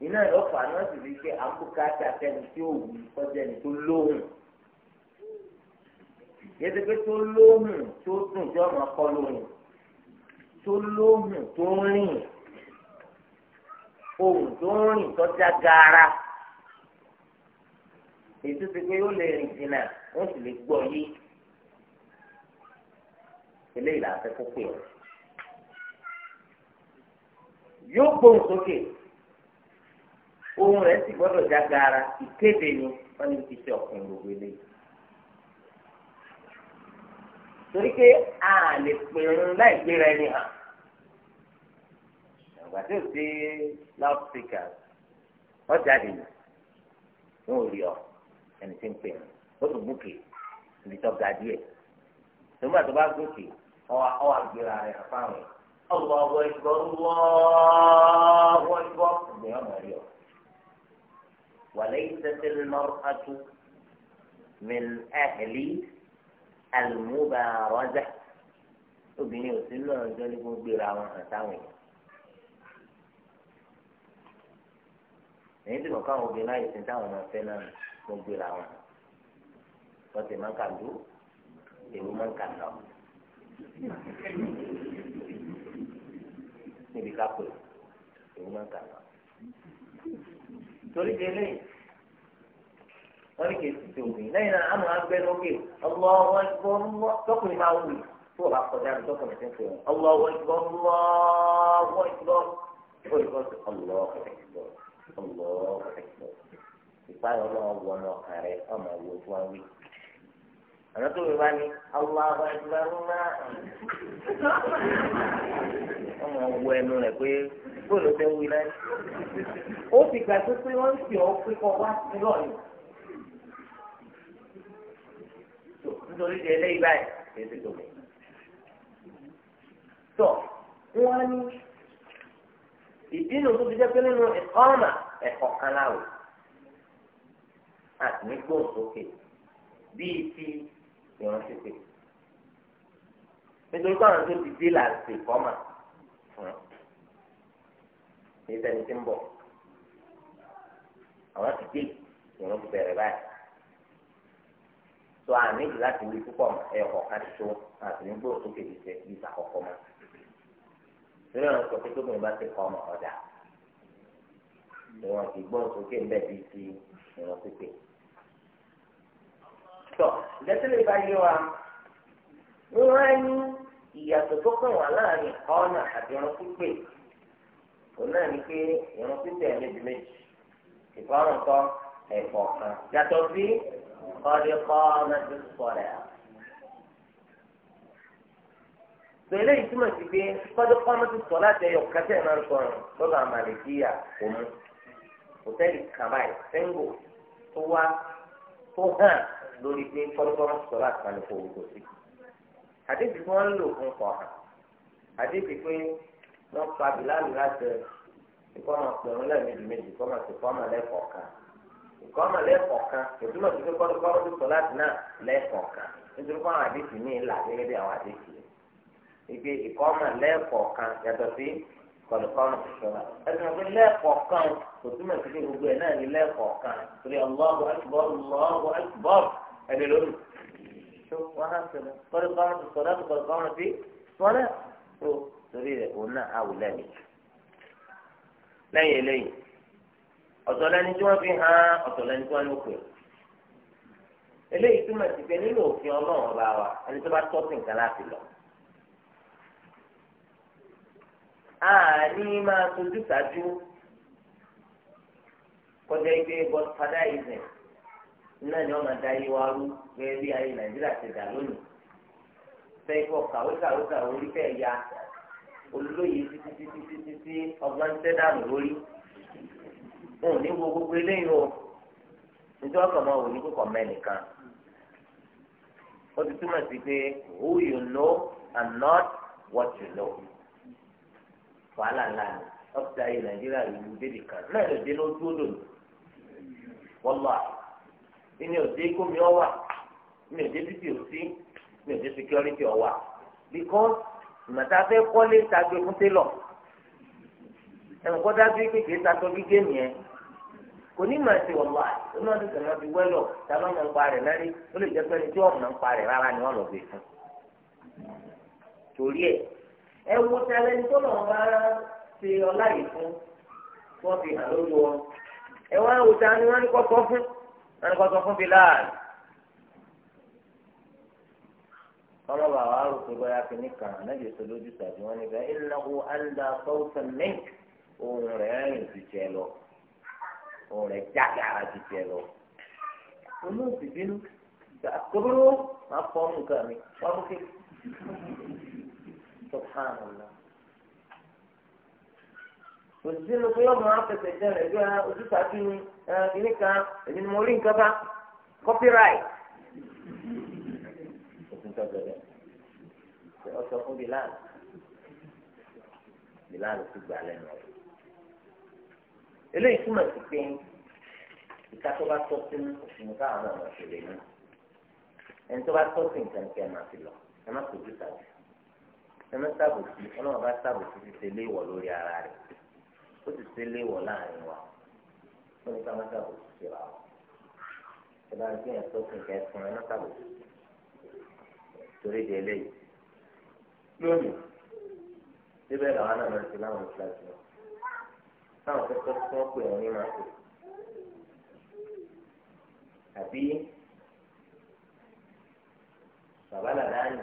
iná ló fà á ní wọn sì rí i pé àbúkátà àtẹni tí ó wù kọjá ẹni tó lóhùn yẹtẹpẹ tó lóhùn tó dùn tí ọmọ kọ lóhùn tó lóhùn tó rìn ohun tó ń rìn tọ́já gaara ètò ti pé ó lè rìn jìnnà wọ́n sì lè gbọ́ yé eléyìí là á fẹ́ kó pè ọ́ yóò gbóhùn sókè ohun rẹ̀ sì gbọ́dọ̀ já gaara ìkéde ni wọ́n ní ti ṣe ọ̀kùnrin gbogbo eléyìí torí pé a lè pè ń láì gbéra ẹni hàn àgbà tí ò sí láùpìkà wọ́n jáde yìí wọ́n ò rí ọ ẹni tí ń pè ọ́ ó tún gòkè ibi tó ga díẹ̀ tòmọ́ àti bá gòkè ọ wà gbéra rẹ̀ fáwọn ọ̀gbọ̀n ọ̀gbọ̀n ìgbọ̀n ọ̀gbọ̀n ìgbọ̀n ọ̀gbọ̀n ọ̀gbọ̀n rí ọ. وليست المرأة من أهل المبارزة obìnrin ò sí lọ́rọ̀ jọ́ ní èyí sì mọ̀ káwọn obìnrin láyé sin táwọn máa náà mo gbéra wọn wọ́n ti máa ń kà èrò máa ń kà lọ. níbi ká pè èrò máa ń kà lọ. torí délé wọ́n ní kí èsì tó obìnrin lẹ́yìn náà àmọ́ agbẹ́ lókè ọlọ́wọ́ ìgbọ́nmọ́ tọkùnrin máa wù tó o bá kọjá lọ tọkùnrin tó ń pè wọ́n ọlọ́wọ́ ìgbọ́nmọ́ ọlọ́wọ́ ìgbọ́nmọ́ ó lè kọ́ sí الله أكبر ìpáyà ọlọ́run wọ ọ̀nà ọ̀kà ọmọ ìwé tí wọ́n wí. àná tó wíwá ní aláwọ̀ ẹgbẹ́ ńlá ọmọ na ẹnu rẹ pé bóòlù tẹ wí náà. ó ti gbà tó pé wọ́n ń fi ọ́ pé kọ́ wá sí lọ́ọ̀nù. nítorí ti eléyìí báyìí kì í ti tòmí. tó wọ́n á ní. ìdí nu tó ti jẹ́ pé nínú ìkọ́ọ̀mà ẹ̀kọ́ kan láwò àti ní gbòǹsókè bíi ti ìrántí pé nítorí pé àwọn tó ti dé làásì kọ́mà fún ní sẹ́ni tí ń bọ̀ àwọn ti dé ìrún ti bẹ̀rẹ̀ báyìí tó àníjì láti wí púpọ̀ ẹ̀yọ̀kọ̀ ká ti tó àti ní gbòòsókè ti sẹ́ bí ìsàkọ̀kọ̀ máa torí àwọn sọ pé tó bìnrin bá ti kọ ọmọ ọ̀dà ìwọ̀n ìgbọ́n sókè ń bẹ̀ bíi ti ìwọ̀n pípé. tọ́ ìdẹ́sílẹ̀ bá yé wa wọ́n á ní ìyàtọ̀ tó kàn wá láàrin ọ̀nà àti ìwọ̀n pípé òun náà ni pé ìwọ̀n pípé méjì méjì ìfọ̀rùn kan ẹ̀fọ̀ kan yàtọ̀ sí ọ̀dẹ̀kọ́ ọ̀nà tó sọ̀rọ̀ tẹ̀lé ìtumọ̀ sí pé kọ́dọ̀ kọ́mọ́ ti sọ láti ẹyọ kẹtẹ́ máa ń sọ̀rọ̀ lọ́dọ̀ àmàlẹ́kíyà kò mú hòtẹ́ẹ̀lì kàbáyì sẹ́ńgò tó wá tó hàn lórí pé kọ́dọ̀ kọ́mọ́ ti sọ láti máa ń fọ òwò sí. àdébì tí wọ́n ń lò fún kọ̀ hàn àdébì pé wọ́n pa bìláàlù láti ìkọ́ máa pè wọ́n lẹ́ẹ̀mejì méjì kọ́ máa ti kọ́ máa lẹ́kọ̀ọ́ kan ìkọ́ máa lẹ́kọ̀ọ́ kan ìtumọ̀ sí pé kọ́dọ̀ kọ́mọ́ ti sọ láti náà lẹ́kọ̀ọ́ kan nítorí pé àwọn àdébì míì là gẹ́gẹ́ bí àwọn àdébì yẹn ibi ìkọ́mà lẹ́ẹ̀kọ̀ọ̀kan yàtọ̀ sí kọ̀lùkọ́mà ìṣọ̀ra ẹ̀sìn ọ̀gbìn lẹ́ẹ̀kọ̀ọ̀kan kò túmọ̀ sí pé gbogbo ẹ̀ náà ní lẹ́ẹ̀kọ̀ọ̀kan torí Allahu akbar Allahu akbar ẹni lónìí. tó wọn á sọ kọ̀lùkọ́mà ìṣọ̀ra tó kọ̀lùkọ́mà sí sọ́lá tó torí rẹ̀ òun náà á wù lẹ́yìn. eléyìí ọ̀tọ̀ eléyìí túmọ̀ àní máa tójú sáájú kọjá ìgbé bọ́sífàdà ìzẹ̀ náà ni wọ́n máa da yé wa rú gẹ́gẹ́ bí ayé nàìjíríà ti dà lónìí fẹ́ kọ́ kàwé kàwé kàwé orí fẹ́ ya olóyè títí títí títí tí ọgbọ́n ń tẹ́ dànù lórí òun ní wo gbogbo eléyìí o nítorí ọkọ̀ máa wò ní kíkọ̀ mẹ́nìkan ó ti túmọ̀ sí pé who you know and not what you know wàhálà ńlá ni ọ́fíìsì ayé nàìjíríà ìlú dédì kan náà lè dé ní ojú odò ní wọ́lọ́ à ní òde gómi ọ̀wà ní òde títì òsí ní òde security ọ̀wà because ìmọ̀ta fẹ́ kọ́lé tagbe fún télọ̀ ẹnu kọ́ dájú kékeré tatọ́ gígé nìyẹn kò ní màá ti wọ̀lọ́ à ó náà ti sọ̀rọ̀ ti wẹ́lọ̀ ta ló mọ̀ ń parẹ̀ lẹ́rí ó lè jẹ́ pé ẹni tí wọ́n mọ̀ ń parẹ̀ rárá ni wọ́n lọ gbé fún torí ẹ̀ ẹ wo tẹ́lẹ̀ tó lọ bá ṣe ọlá yìí fún wọn fi hàn lórí wọn ẹ wá wò ta ni wọn ní kọsọ fún wọn ní kọsọ fún Bilal kọlọ bá wa rò kìíní kan anájẹ sọ lójú tàbí wọn níbẹ̀ ìnáwó àńdá sọwọsẹ mink ohun rẹ̀ rìn ju tiẹ̀ lọ ohun rẹ̀ jágara ju tiẹ̀ lọ olóòtú bínú gbàgbóró máa fọ́ nǹkan mi wọ́n subhanallah òṣìṣẹ́ pé ọmọ afẹsẹ̀ jẹ́ rẹ̀ bí ah, ojúta kí ni ah, kìíní kan èmi ni mo rí nǹkan bá copyright. òfin tó bẹ̀rẹ̀ ṣe ọ sọ fún Bilal Bilal ti gbà lẹ́nu rẹ̀. eléyìí túmọ̀ sí pé ìka tó bá tọ́ sínú òfin káwọn ọmọ ìṣẹ̀lẹ̀ náà ẹni tó bá tọ́ sí nǹkan kí ẹ máa fi lọ ẹ má tó ojúta jù ẹmẹ sábòsí ọlọ́run bá sábòsí ti ṣe léèwọ̀ lórí ara rẹ̀ ó sì ṣe léèwọ̀ láàrin wa ó ní ká má sábòsí ṣe ra wa ẹ bá ń gbé ẹ̀tọ́ fún ìkẹ́ fún ẹ má sábòsí torí di eléyìí lónìí síbẹ̀ làwọn náà máa ń ṣe láwọn ìṣáájú náà táwọn kẹ́kọ̀ọ́ tí wọ́n pè wọ́n ní máa pè àbí bàbá làdáyìn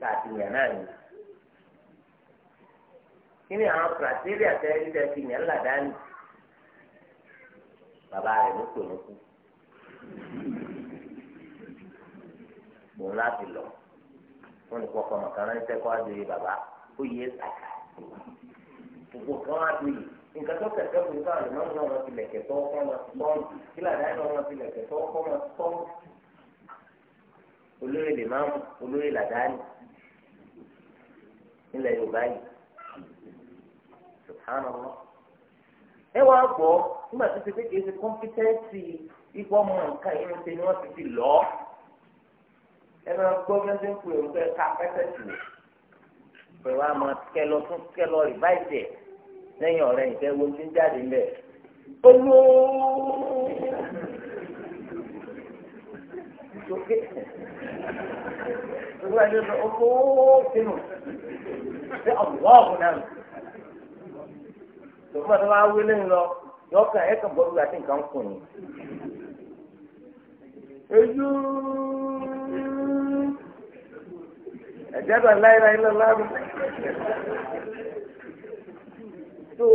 tá a ti yàn náà ni. kí ni àwọn criteria tẹ́lẹ̀ tẹ́ fi yàn ńlá dání bàbá rẹ̀ ló pè lókù òun láti lọ wọn ní kọkọ màkàrà ń tẹkọ àdéhìí bàbá ó yẹ àkà gbogbo kan àdéhìí nǹkan tó kẹ̀kẹ́ fún ìfọ̀ àlùmọ́ ní wọn ti tó kọ́ wọn tọ́ọ̀nù kílà dáná wọn ti lẹ̀kẹ̀ tó kọ́ wọn tọ́ọ̀nù olóyè lè máa mú olóyè làdáni nílẹ̀ yorùbá yìí subhanallah ẹ wá gbọ́ nígbà tó ti pé kì í ṣe kọ́mpítẹ́ǹsì ikú ọmọ nǹkan yìí ń ṣe ni wọ́n ti fi lọ ẹ máa gbọ́ bí wọ́n ti ń pè ọ́n pé ká pẹ́pẹ́ tù pẹ̀lú àmọ́ kẹlọ tún kẹlọ rìváìtì ẹ̀ lẹ́yìn ọ̀rẹ́ ìfẹ́ wo ti ń jáde ń bẹ̀ olóòó sí ọ̀wọ́ọ̀hún náà. tòun bá tó bá wí lẹ́yìn lọ yọ ọkàn ẹ̀ kàn bọ́ọ̀lù àti nǹkan kùn yín. ojú ẹ̀jẹ̀ bá láéláé lọ́la mi. tó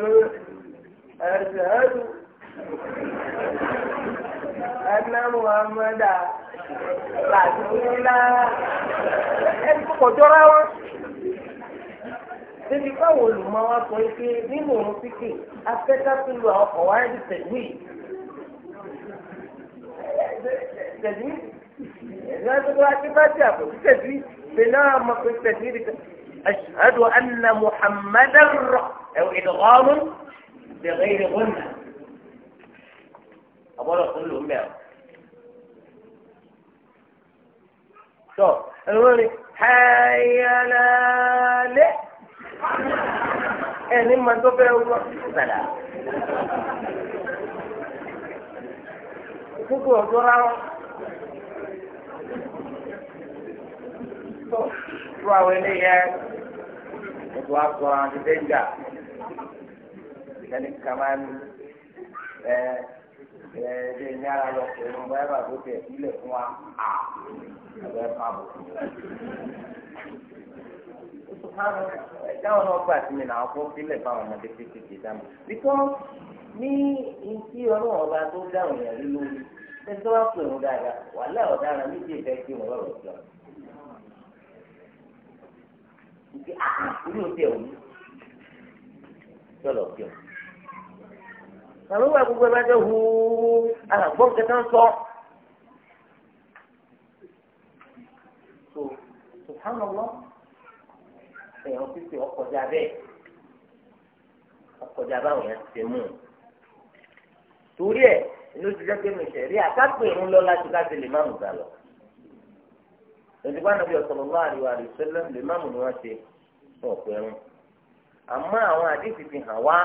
ẹ̀jẹ̀ ẹ̀dùn ẹ̀dùn Muhammadu làdúrà ẹni tó kọjọ́ ra wọn. Débi báwo olùmọ̀ wa sọ pé nínú òun pípé afẹ́ká tó lu àwọn ọ̀wá ẹ̀dì tẹ̀lé tẹ̀lé ẹ̀dí wọn tó wá sí bá ti àpò tẹ̀lé bẹ̀rẹ̀ náà mọ̀ pé tẹ̀lé rẹ̀ أشهد أن محمدا أو إدغام بغير غنى أبو الله كله مئة tọ́ ẹ̀rọ wọn ni hayalálẹ́ ẹni máa tó fẹ́ wọ́n sàdá. Gbogbo ọ̀dọ́ ra wọn. Tó àwọn eléyẹ ètò àtọ̀ àti dẹ́njà ìdáni kàmáàmì ẹ ẹ ẹ ẹ ní ara lọ pẹ̀lú báyìí bàbá tó tẹ̀ sílẹ̀ fún wa àbẹ pààbò táwọn náà gbà sí mi náà kó sílẹ̀ fáwọn ọmọdé kékeré dáhùn bíkọ́ ní ìtí ọlọ́run ọba tó dáhùn yẹn lórí tẹ́tọ́ wá pè wọ́n dáadáa wàhálà ọ̀daràn méjì ìfẹ́ kí wọ́n lọ́rọ̀ jọ. ìdí àkùrù tẹ òun sọ̀rọ̀ kí o. àwọn ìwà gbogbo ẹ bá hu àgbọ̀n kẹta ń sọ. tó subhanallah ẹ̀rọ pípé ọkọjà bẹ́ẹ̀ ọkọjà báwọn yẹn ti mú un torí ẹ̀ inú ti jẹ́ pé mi ṣe rí àkápè ń lọ láti láti lè má mú gbà lọ. ìdìbò ànábi sallallahu alaihi wa sallam lè má ni wọ́n ṣe fún ọ̀pọ̀ ẹ̀rùn. àmọ́ àwọn àdìsí fi hàn wá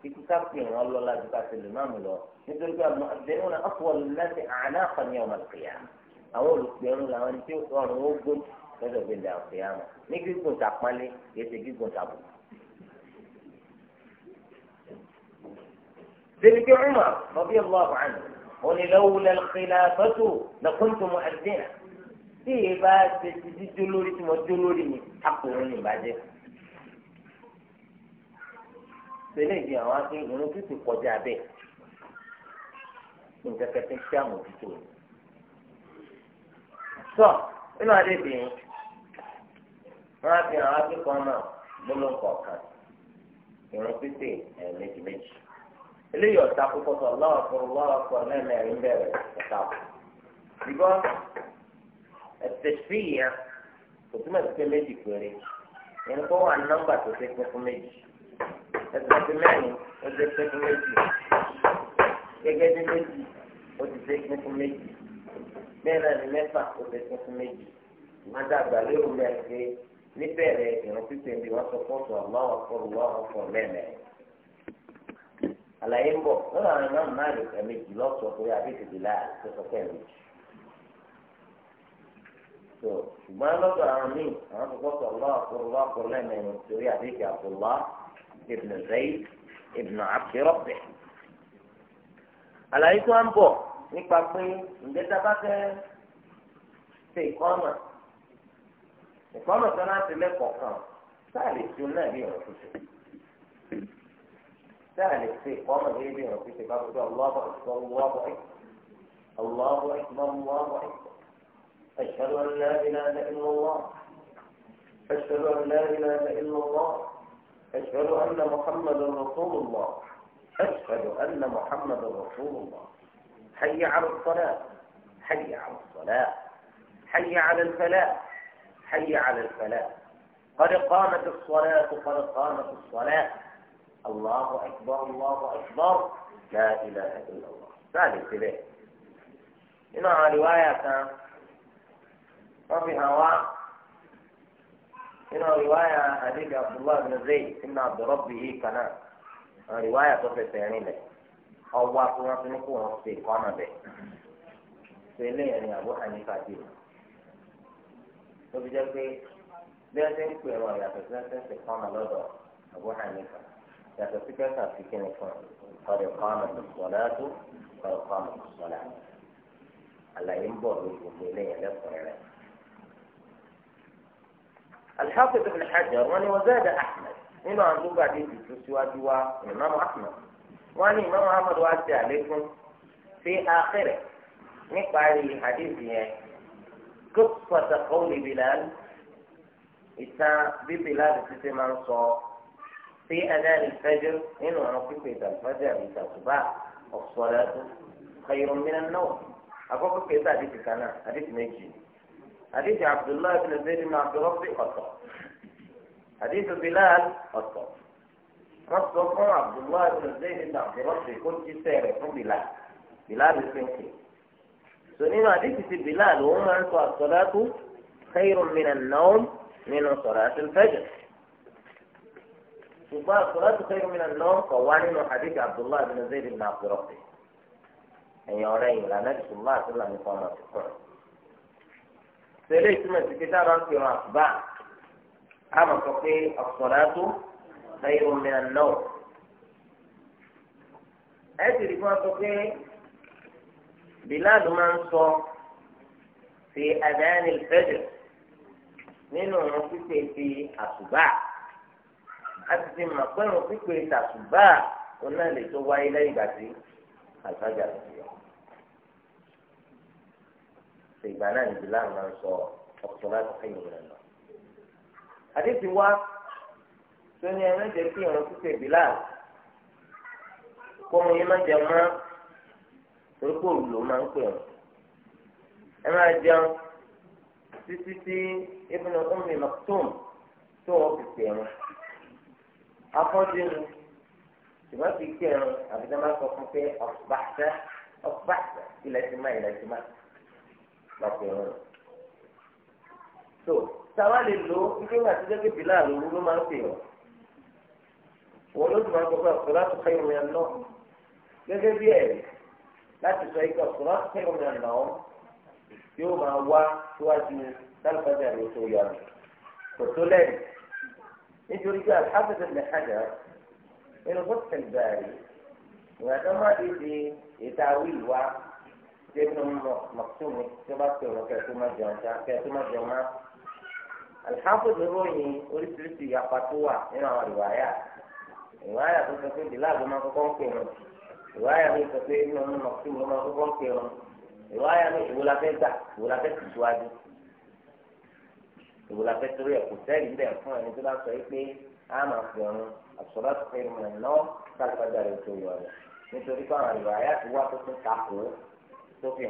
kíkú kápè ń lọ láti láti lè má lọ nítorí pé àdéhùn náà ọ̀pọ̀ lẹ́sẹ̀ àná àkànní ọmọ àwọn olùpẹ̀rún làwọn ẹni tí ó sọ ọ̀run ó gbóni lọ́dọ̀ gbẹ̀dẹ̀ àpè àmọ́ ní gígùn tàpálẹ̀ kìí ṣe gígùn tàbùkù. ذلك عمر رضي الله عنه قل لولا الخلافة لكنت مؤذنا tí èyí bá ṣe ti jíjó lórí tí mo jó lórí mi akùnrin ní ìbàjẹ́. Sẹ́lẹ̀ ìdí àwọn akéwìn irun tó kọjá bẹ́ẹ̀. Nǹkan kẹtẹ́ ń ṣe àmójútó ni tọ́ nínú àdébì yìí wọ́n á fi hàn akẹ́kọ̀ọ́ náà gbólóńkọ̀ kan ìrún pípé ẹ̀ méjì méjì eléyìí ọ̀tá púpọ̀ sọ lọ́wọ́ fún lọ́wọ́ fún lẹ́mẹ̀rin bẹ̀rẹ̀ ọ̀tá pọ̀ ṣùgbọ́n ẹ̀tẹ̀sí yẹn kò túmọ̀ sí pé méjì péré yẹn kó wà nọ́mbà tó ṣe pé fún méjì ẹ̀tẹ̀ sí mẹ́rin ó ṣe pé fún méjì gẹ́gẹ́ bí méjì ó ti ṣe pé fún méjì bẹ́ẹ̀ náà ni mẹ́fà ó lè tún fún méjì ìmọ̀dàgbà lérò mẹ́rin pé níbẹ̀rẹ̀ ìrun pípé ni wọ́n sọ fọ́ọ̀tù Allahu Akbar Allahu Akbar lẹ́ẹ̀mẹ́rin. àlàyé ń bọ̀ lọ́dọ̀ àwọn ìmọ̀ náà lè fẹ́ méjì lọ́sọ̀ pé àbíkèdè láàrín tó sọ pé méjì. tó ṣùgbọ́n lọ́dọ̀ àwọn míì àwọn sọ fọ́ọ̀tù Allahu Akbar Allahu Akbar lẹ́ẹ̀mẹ́rin torí àbíkè Abdullah ibn Zayd ibn nípa pé ǹjẹ́ tá a bá fẹ́ ṣe ìkọ́nà ìkọ́nà tó náà ti lẹ́kọ̀ọ́ kan sáà lè tún náà bí ọ̀rọ̀ tuntun sáà lè ṣe ìkọ́nà bí bí ọ̀rọ̀ tuntun bá gbọdọ̀ ọlọ́bọ̀ ẹ̀kọ́ ọlọ́bọ̀ ẹ̀kọ́ ọlọ́bọ̀ ẹ̀kọ́ ọlọ́bọ̀ ẹ̀kọ́ أشهد أن لا إله إلا الله أشهد أن لا إله إلا الله أشهد أن محمدا رسول الله أشهد أن محمدا رسول الله حي على الصلاة حي على الصلاة حي على الفلاح حي على الفلاح قد قامت الصلاة قد قامت الصلاة الله أكبر الله أكبر لا إله إلا الله ثالث به إن رواية وفيها واحد إن رواية حديث عبد الله بن زيد إن عبد ربه كان رواية تصل يعني لك ọwọ́ afurasí ní kò wọ́n ṣe ìkọ́nà bẹ̀. Ṣèlè ẹ̀rìn àbó àyíká dì o. Ó fi jẹ́ pé bí ẹ ṣe ń pè wọn yàtọ̀ sí ẹsẹ̀ ṣe kọ́nà lọ́dọ̀ àbó àyíká. Yàtọ̀ sí kẹ́kẹ́ àti kíni fún ọ̀dẹ̀ kọ́nà lọ́dọ̀ tó ọ̀dẹ̀ kọ́nà lọ́dọ̀. Àlàyé ń bọ̀ lórí gbogbo eléyàn lẹ́kùnrin rẹ̀. الحافظ ابن حجر وزاد احمد هنا عن لغه دي في السواد امام احمد wọ́n ní ìmọ̀ muhammadu wa ti àlékún fi àkẹrẹ nípa rí hadith yẹn kó pàtàkó lè bilal ìtàn bí bilal ti ti máa ń sọ fi adáni fẹjọ nínú àwọn pípé ìtàkùnfẹjọ àti ìtàkùnbá ọ̀sọ̀rọ̀ kẹyọrọ mìíràn náà àkọ́kọ́ kẹta àdìsí kan náà àdìsí méjì àdìsí abdullahi bin zayd ọ̀tọ̀ àdìsí bilal ọ̀tọ̀ wọ́n sọ fún abdullahi bin zayd bin abdurrasi kó ti sẹ́rẹ̀ fún bilal bilal bin kì so nínú àdìsí ti bilal òun máa ń sọ àsọdátú khairun minan nawm nínú salati al-fajr ṣùgbọ́n àsọdátú khairun minan nawm kọ̀ wá nínú àdìsí abdullahi bin zayd bin abdurrasi ẹ̀yìn ọ̀rẹ́ yìí lànà ìṣùgbọ́n àti ń pè wọn àkùbá àmọ̀ sọ pé ọ̀sọ̀rọ̀ خير من النوم أدري ما تقول بلاد منصور في أذان الفجر nínú òun pípé ti àsùbà láti fi mọ̀ pé òun pípé ti àsùbà òun náà lè tó wáyé lẹ́yìn ìgbà tí àlùfáàjà lè yọ. ṣègbà náà nìdí láàmú máa ń sọ ọ̀pọ̀ láti fẹ́yìn rẹ̀ lọ. àdéhùn wa tó ní ẹ̀rọ jẹ́ kí ọ̀rọ̀ títẹ̀ bílà kó mu yín má jẹ mọ́ torí kó òrùlò máa ń pè ọ́ ẹ máa jẹun títí tí ibùdó ọmọ ìmọ̀tòm tó wọ́n fi pè ọ́ afọ́jú ni ṣùgbọ́n kì pè ọ́ àbí tá sọ fún pé ọ̀pá ọ̀pá ilẹ̀ ti má ilẹ̀ ti má lọ́pẹ̀ ọ́ so táwa lè lo ike ńgbà tó jẹ́ pé bílà lóru ló máa ń pè ọ́ wọ́n ló ti máa sọ pé ọ̀sọ̀rọ̀ àti kẹ́yìn rẹ̀ náà gẹ́gẹ́ bí ẹ̀rí láti sọ pé ọ̀sọ̀rọ̀ àti kẹ́yìn rẹ̀ náà yóò máa wá síwájú sálùfájà ní oṣù yọ àmì kò tó lẹ́yìn nítorí pé àbúrò ní àjà nínú bọ́tẹ̀ gbàrí ìgbà tó má dé di ètò àwí ìwá tẹ́nu mọ̀tòmí tó bá pè wọ́n kẹ́ẹ̀ tó jẹun ká kẹ́ẹ̀ tó jẹun má. àlùfáà fòdò ròyìn oríṣiríṣi ìyapa tó wà nínú àwọn ìwà yára ìwà àyà tó sọ pé bìláàbù máa kọ́kọ́ ń pè wọn ìwà àyà mi sọ pé inú ọmọ màkútù ló máa kọ́kọ́ ń pè wọn ìwà àyà mi ìwò la fẹ́ gbà ìwò la fẹ́ tì síwájú ìwò la fẹ́ torí ẹ̀ kò sẹ́rìí bẹ́ẹ̀ fún ẹni tó bá sọ pé a máa fi ọ̀run àtúrọ̀ tó fẹ́ mọ̀ ẹ̀ náà sálùpàdà rẹ̀ tó yọ ọ̀rọ̀ nítorí káwọn ìwà àyà ti wá tó tún takò tó fi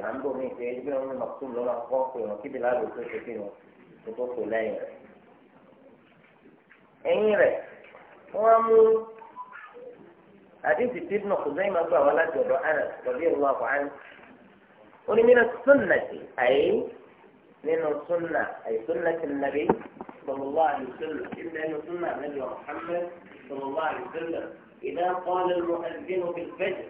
wọn mú حديث ابن خزيمة ولا جبر أنس رضي الله عنه قل من السنة أي من السنة أي سنة النبي صلى الله عليه وسلم إلا أن سنة النبي محمد صلى الله عليه وسلم إذا قال المؤذن في الفجر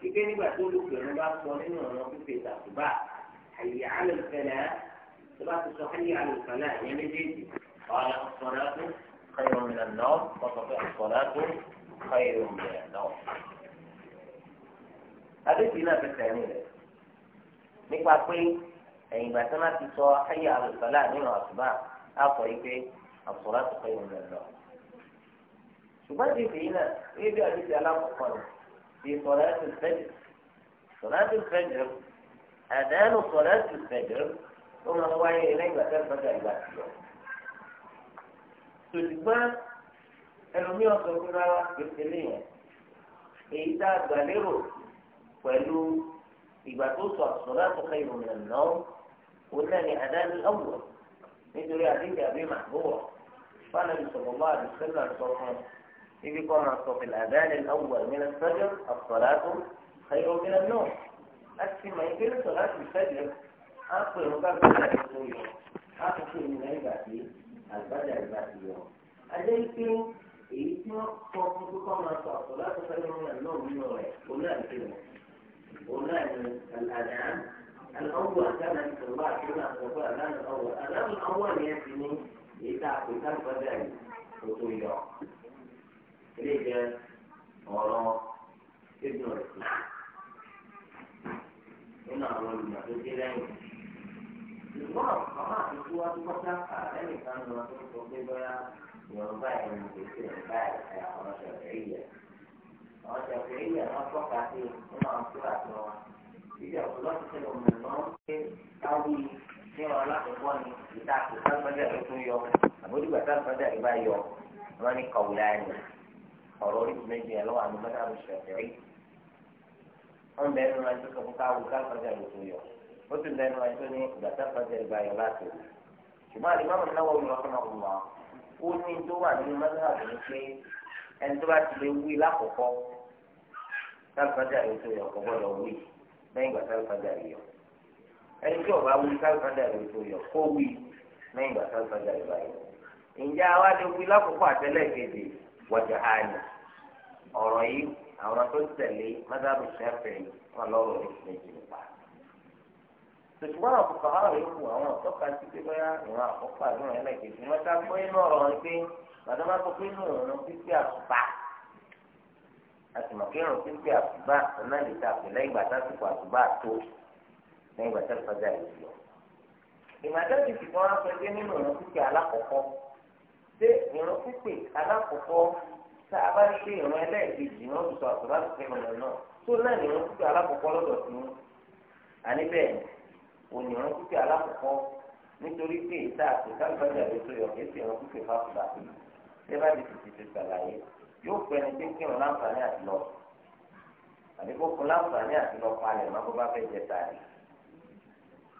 في كان يقول لك أنا بعد إنه أنا في الصباح حي على الفلاح صلاة الصحي على الفلاح يعني جيدي قال الصلاة خير من النوم وتطيع الصلاة خير من النوم àdéhùn iná fi tẹ̀lé rẹ̀ nípa pé ẹ̀yìn ìgbà tí wọ́n ti sọ ayé àlùfàlà nínú àtúbà àfọ ìpè àfọlá tó fẹ́ ìrìn lọ. ṣùgbọ́n ti fìyí náà ní bí àdéhùn alákọ̀ọ́kọ́ rẹ̀ ti sọ̀rọ̀ ẹ̀sìn fẹ́jẹ̀ sọ̀rọ̀ ẹ̀sìn fẹ́jẹ̀ àdánù sọ̀rọ̀ ẹ̀sìn ẹlòmíì ọ̀sán fún wa pèsè nìyẹn èyí tá a gbà lérò pẹ̀lú ìgbà tó sọ àsọ̀rọ̀ àtúnkà ìròyìn náà òun náà ni àdáni ọ̀wọ̀ nítorí àdéhùn àbí màgbọ́wọ̀ fáwọn sọ̀rọ̀ bá náà sọ fún un níbi kọ́ máa sọ fìlà àdáni ọ̀wọ̀ ìmìnira sọ́jọ́ àsọ̀rọ̀ àtúnkà ìròyìn náà láti mọ̀ ìgbélé sọ̀rọ̀ láti ìṣẹ́jẹ́ á pè wọn bá gbọ́dọ̀ àti tó yọ á tún pè ní lẹ́yìn ìgbà tí àgbàdà ìgbà tí yọ. Adé ń pín èyí tí wọ́n sọ fún kókó máa sọ àpò láti fẹ́ẹ́ mú ẹ̀ náà nínú rẹ̀ òun náà ti mọ̀ òun náà ni àdáhà الأول كان عند الله كما أخبر الآن الأول الآن الأول يأتيني إذا كتاب بدأي وطويل ليك وراء ابن الإسلام هنا أقول لما تقول لهم Semua orang itu waktu masa ada ni kan, waktu kita ينبغي أن يكون بعد على الشافعية الشافعية ما توقع فيه هنا عن سورة نوح إذا خلصت من النوم قوي ní wọn alákòókòóni ìta àkókò àgbàdà ètò yọ àbójúgbà tá àgbàdà ìbá wọn ni kọwúlá ni ọ̀rọ̀ oríṣi méjì yẹn lọ́wọ́ àmì mọdà àbùsù ẹfẹrí wọn bẹ ẹnu wọn tó sọ fún káwù ká àgbàdà ètò yọ ó tún bẹ ẹnu wọn tó ní ìgbà tá àgbàdà ìbá yọ láti ṣùgbọ́n àdìmọ́ àmì náà wọ́n mi lọ́kọ́ náà wù wọ́n ó ní tó wà nínú mọ́tàbí ni pé ẹni tó bá ti lè wí lákòókò sálùfájà yóò tó yọ ọ̀gbọ́n lọ wí lẹ́yìn ìgbà sálùfájà yìí yọ ẹni tí ọba wí sálùfájà yóò tó yọ kó wí lẹ́yìn ìgbà sálùfájà yìí bá yọ. ǹjẹ́ àwa lè wí lákòókò àtẹ́lẹ̀ wọ̀jà àyè ọ̀rọ̀ yìí àwọn tó tẹ̀lé mọ́tàbí sẹ́fẹ̀ẹ́ wọn lọ́rọ̀ ní ìpínlẹ̀ tòṣùgbọ́n àbùkàhà rẹ̀ kù àwọn ọ̀tọ́ka sí pé bóyá ìran àkọ́kọ́ àdúrà yẹn lẹ́kẹ̀ẹ́ sí wọ́n sábà pé inú ọ̀rọ̀ ni pé bàtà máa sọ pé inú ọ̀rọ̀ pípé àtùbá àtìmọ̀ kírun pípé àtùbá ọ̀nà lè ta pè lẹ́yìn gbàtà sípò àtùbá tó lẹ́yìn gbàtà fàjà ìlú. ìgbàtà ti fi kan aṣọ ẹgbẹ́ nínú ọ̀rọ̀ pípé alákọ̀ọ́kọ́ ṣé ìran pípé alákọ̀ọ́kọ́ tá a bá ń ṣe ìran ẹlẹ́ẹ̀kejì wọn sọ àtùbá tó fẹ́ ọ̀nà náà tó náà ní ìran pípé alákọ̀ọ́kọ́ lọ́dọ̀ sí wọn. àníbẹ̀ẹ́ oníran kúkẹ́ alákọ̀ọ́kọ́ nítorí pé ìta àti kágbájú àdótó yọ kìí ṣe ìran kúkẹ́ fáfúlà ṣé bá di tètè ti ṣàlàyé yóò pẹ́ ni pé kírun láǹfààní àti lọ àdìgbò fún láǹfààní àti lọ palẹ̀ máa bó bá fẹ́ jẹ tààrí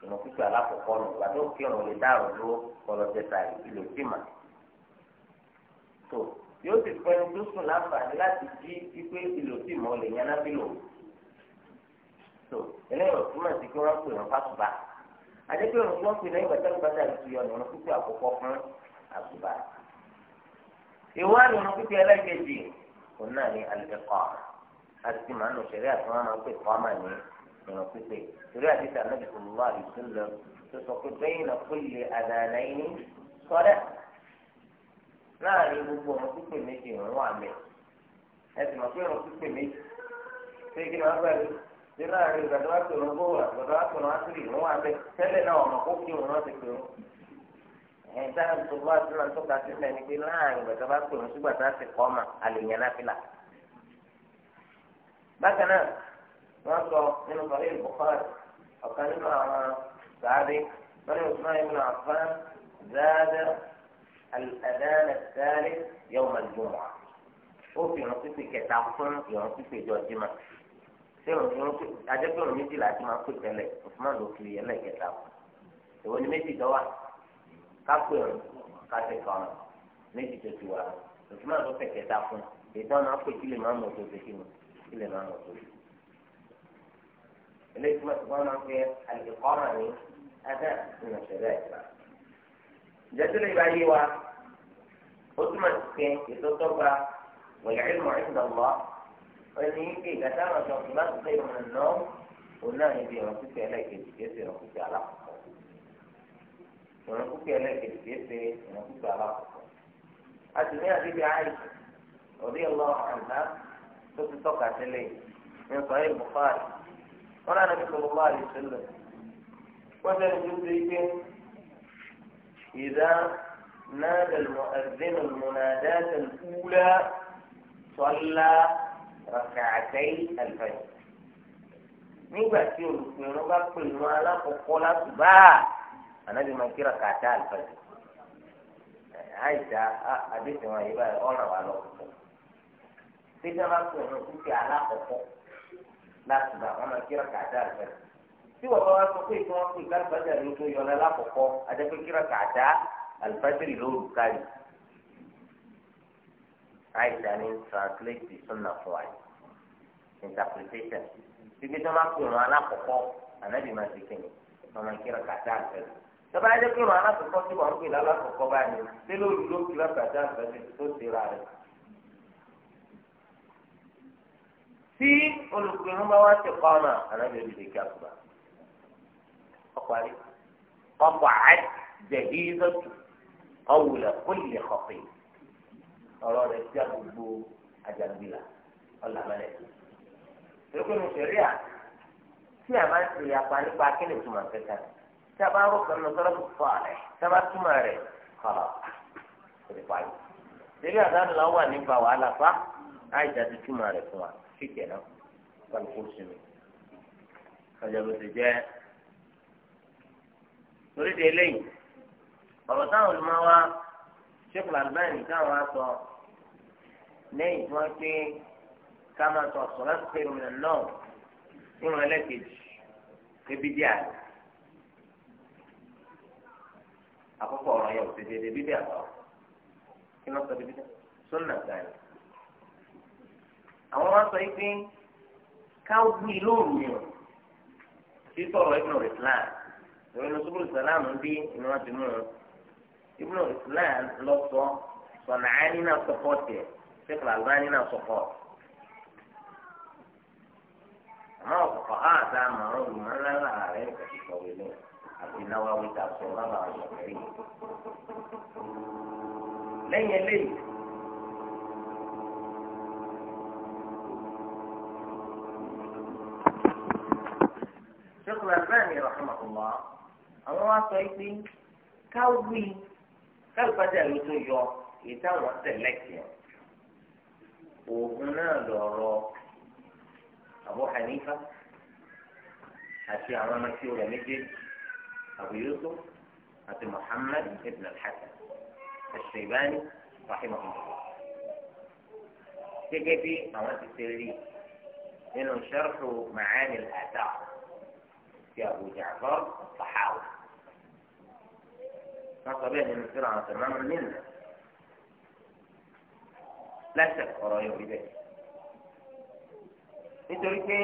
ìran kúkẹ́ alákọ̀ọ́kọ́ nù gbàdó kírun lè dárò dúró kọlọ jẹ tààrí kí lè tì mà tó yóò ti pẹ́ ni tó sùn láǹfààní láti jí wípé ìlòtì mọ́ lè yẹn lábí tó eléyìí òtún mọ̀ sí pé wọ́n pè wọ́n fásùbà àdébí òrùn tí wọ́n pè lẹ́yìn gbàtà gbàtà àti ìyọ̀nù ọ̀nà pípẹ́ àkọ́kọ́ fún àsùbà. ìwọ àrùn ọ̀nà pípẹ́ ẹlẹ́gẹ̀dì òun náà ní alẹ́kọ̀ọ́ àti màánu sẹ̀rí àti wọn máa ń pè kọ́ mà ní ọ̀nà pípẹ́ torí àdìsí anábì sọ̀rọ̀ àdìsílẹ̀ tó sọ pé bẹ́yìn náà kó lè àdáná yín sọ́dẹ̀ láàrin gbogbo ọ̀nà pípẹ́ méjì òun wà mẹ́ ẹ mọ̀ pé ọ̀nà pípẹ́ méjì nínú àárín ìgbà tó bá tó lọ bóòlù àgbà tó bá tó lọ ásírì wọn wà bẹ tẹ́lẹ̀ náà ọmọ kó kí òun náà ti pè wọn. ẹ̀yìn táwọn tó bá tó lọ sọ́kà sí mẹ́ni pé láàrin ìgbà tó bá tó lọ sígbà tó ti kọ́ mà àlèyàn náà fìlà. bákan náà wọ́n sọ nínú sọ̀rọ̀ ìlú kọ́lá ọ̀kan nínú àwọn sàádé wọ́n ní Usman ibn Affan zaada al-adhan al-thalith yawm ó fi ìrántí pé kẹta fún ìrántí pé jọjúmọ́ sẹ́wọ̀n tí wọ́n pè adẹ́gbẹ̀rún méjìlá ti máa pè tẹ́lẹ̀ Usman ló kiri ẹlẹ́kẹta kù èwo ni méjì dọ́wà kápẹ́ ọ̀run kásẹ̀ kan méjì tó ti wà Usman ló fẹ̀ kẹta fún ìdán máa pè kílè máa mọ̀ tó fi kí mu kílè máa mọ̀ tó fi. tí wọ́n máa ń pẹ́ àlùkò ọ̀ràn ní ẹgbẹ́ ìrìnàṣẹ́lẹ̀ ẹ̀ka. ìjẹ́sílẹ̀ ìbá yé wa ó túmọ̀ sí pé ètò tó gba wọ̀nyí فنيجي كتابة ما تصير من النوم قلنا يبي ركوك عليك يبي ركوك على ركوك عليك يبي ركوك على أتمنى بيبي عائشة رضي الله عنها كنت تقع سليم من صحيح البخاري ولا النبي صلى الله عليه وسلم وسلم يدرك إذا نادى المؤذن المناداة الأولى صلى rak'atay al-fajr nígbà tí olùpẹ̀rún bá pè mọ́ alákọ̀ọ́kọ́ láti bá ànábì máa kí rak'atay al-fajr àìsà àdéhùn wọn yìí báyìí ọ̀ràn wà lọ púpọ̀ síjà bá pè mọ́ títí alákọ̀ọ́kọ́ láti bá wọn máa kí rak'atay al-fajr tí wọ́n bá wá sọ pé kí wọ́n pè kálífàjà ló tó yọ ọ lọ́la kọ̀ọ̀kọ́ adẹ́pẹ́ kí rak'atay al-fajr lóru káyìí. Aisha ni translate the sunnah for us interpretation bíbí tó máa kúrò alákọ̀ọ́kọ́ ànábì máa ti kéde ọmọ ìkírà kàtà àfẹ́lẹ́ tọ́ba ẹjẹ́ kúrò alákọ̀ọ́kọ́ tí wọ́n ń pè lálákọ̀ọ́kọ́ báyìí ṣé lóru ló kúrò kàtà àfẹ́lẹ́ tó ti ra rẹ̀. tí olùkùnrin bá wá ti kọ́ ọ̀nà ànábì olùdè kí àkùbà ọkọ̀ àjẹ̀dí ìzọ́tù ọ̀wùlẹ̀ kó lè kọ̀pẹ́ yìí. ọ̀rọ̀ rẹ̀ sí àgbègbè àjàgbìlà ọ̀làmọ́lẹ̀. Ìrúkọ̀ ní sẹ̀ríà tí a máa ń ṣe apá nípa kíni ìtumọ̀ kẹta tí a bá rò kan lọ sọ́dọ̀ fọ́ rẹ̀ tí a bá túmọ̀ rẹ̀ kọ̀ọ̀ òdìpá yìí. Sẹ̀ríà náà lọ wà nípa wàhálà fa àìjà ti túmọ̀ rẹ̀ fún wa fíkẹ̀ náà pẹ̀lú kó sinmi. Ọ̀jọ̀gbọ́ ti jẹ́ lórí de eléyìí ọ̀rọ̀ táwọn olùmọ̀ wa ṣé kùlà bẹ́ẹ̀ ní káwọn á sọ lẹ́yìn tí wọ́n pé ká máa tọ̀ sọ̀rọ̀ sí pẹ̀lú ìrìn náà nínú ẹlẹ́kejì kébi díà àkọ́kọ́ ọ̀rọ̀ yẹn ò ti dédé bíbí àtọ̀ kí wọ́n sọ bíbí sọ́nà gan-an. àwọn wọn sọ pé ká wí lóòrù yẹn títọ̀rọ̀ ìbùnú Islam ìwé ní sùkúrù sàlámù bí ni wọ́n ti mú un ìbùnú Islam lọ sọ sọ̀nà àánínà sọ́pọ̀tì ẹ̀ sèkìlà albani náà sọkọ àmọ́ ọkọ ha àti àmọ́ olùmọ ńlá ńlá rẹ kẹsì sọ̀rọ̀ ilé àti náwó awíta sọ lábà ọsọkẹrì lẹ́yìn eléyìí. sèkìlà albani rahmatullah àwọn wa sọ pé káwí káwí pàtàkì tó yọ èyí táwọn tẹ́lẹ̀ kìí. oògùn náà lọ̀rọ̀ Abu Hanifa àti àwọn ọmọ tí ó rẹ̀ méjèèjì Abu Yusuf àti Muhammad ibn al-Hasan al-Shaybani rahimahullah gẹ́gẹ́ bí àwọn ti ṣe rí nínú sharhu ma'ani al-athar ti Abu Ja'far al-Tahawi wọ́n sọ bẹ́ẹ̀ nínú sírà àwọn sọ̀rọ̀ mẹ́rin nínú. lẹ́sẹ̀ ọ̀rọ̀ yóò rí bẹ́ẹ̀. nítorí pé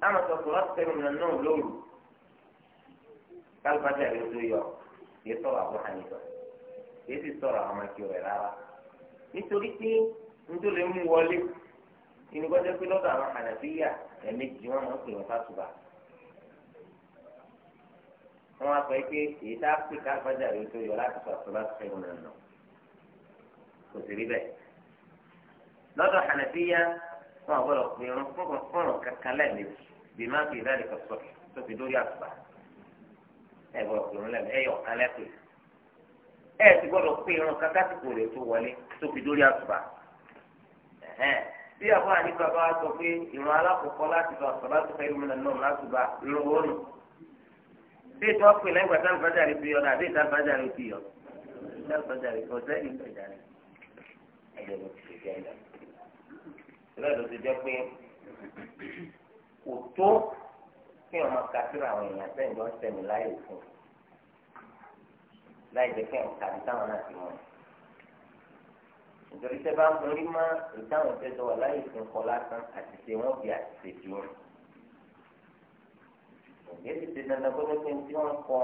táwọn sọ̀tún láti tẹnu ìlànà náà lóru kálífàtà rẹ̀ tó yọ kìí sọ̀rọ̀ àwọn àyìnbá kìí sì sọ̀rọ̀ àwọn akíọ̀ rẹ̀ rárá. nítorí pé nítorí lè mú wọlé ìnigbọ́jọ́ pé lọ́dọ̀ àwọn ànàbíyà ẹ̀ẹ́mẹ́jì wọn máa ń pè wọn fásùbà. wọ́n á sọ pé èyí tá a pè kálífàtà rẹ̀ tó yọ láti sọ̀tún láti tẹnu ìlànà kò sí rí bẹ́ẹ̀ lọ́dọ̀ hànàfíyà wọn àgbọ̀dọ̀ pé irun fúnrun kankan lẹ́ẹ̀mejì bí má fi ìdáàdì kan sọ tó fi dórí àgbà ẹ gbọ́dọ̀ pé irun lẹ́ẹ̀mejì ẹ yọ ọ̀kan lẹ́pẹ́ ẹ ti gbọ́dọ̀ pé irun kankan ti kò lè tó wọlé tó fi dórí àgbà bí àbọ̀ àníkà bá sọ pé ìrun alákọ̀ọ́kọ́ láti lọ àtọ̀ láti fẹ́ ìrun náà láti gba ìrun nù. bí ètò ọ̀pẹ lẹ́yìn gbàtà àlùfáàjà rẹ̀ fi náà àbí ètò àlùfáàjà rẹ̀ fi yọ. àlùfáàjà rẹ̀ ọ̀sẹ̀ ìgbàjà rẹ̀. ẹgbẹ́ mi ti ṣe jẹ́ ìdàgbà ìrẹ́ ló ti jẹ́ pé kò tó kí wọn máa ka síra àwọn èèyàn sẹ́yìn ló ń sẹ̀mí láyé òfin láì jẹ́ kí wọn kàdí táwọn náà ti mọ̀ nítorí tẹ́ bá ń borí mọ́ ìdáhùn tẹ́jọ́ wà láyé òfin kọ́ lásán àti ṣe wọ́n bí àti ṣe jù wọn. òye ti ṣe dandan gbọ́dọ̀ pé tí wọ́n kọ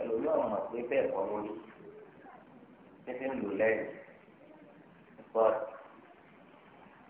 ẹlòmíràn mọ̀ pé bẹ́ẹ̀ kọ́ lórí títí ń lò lẹ́yìn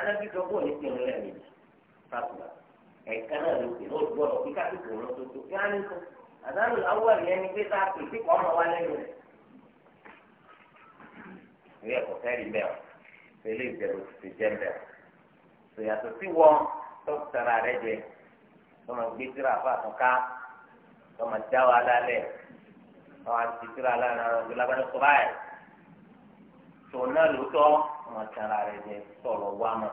anábì sọ pé òní pinnu lẹ́nu fàtúwà ẹ̀ka náà ló pinnu ó gbọ́dọ̀ kí káfíńkì òun tó tó kí á ní sọ àdánù awọ ìyẹn ni pé tá a pè sí kọ́ ọmọ wa lẹ́nu rẹ̀ ìwé ẹ̀kọ́ fẹ́ẹ́rì mẹ́ọ̀ fẹ́lẹ́ ìjẹ̀bù ti jẹ́ mẹ́ọ̀ sòyàtọ̀ sí wọn tó tara rẹ̀ jẹ tó máa gbé síra fún àtúnká tó máa já wa lálẹ́ àwọn àti síra lánàá ọ̀gbìn wọn tara rẹ jẹ sọlọ wá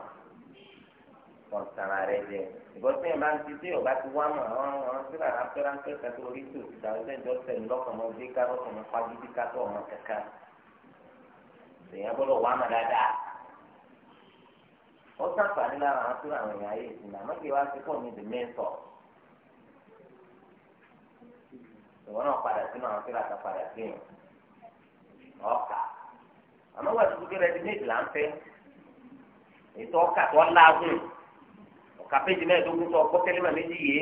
wọn tara rẹ jẹ ìbọn yẹn bá ń ti ti wá àwọn àwọn síra ráńpẹ́ ráńpẹ́ orí tó ti dàrú lẹ́jọ́ sẹ́yìn tó ọmọ èèyàn gbọ́dọ̀ dáadáa sàǹfààní lára síra àwọn èèyàn ayé ìsìn àmọ́ kí ti pọ̀ ní the main ìwọ náà padà sínú àwọn síra àmọ́ wà tó gbé rẹ́dímẹ́tì là ń fẹ́ ètò ọkà tó lágùn ọkà péjì mẹ́ẹ̀ẹ́dógún tó ọkọ́ kẹ́lẹ́mà méjì yé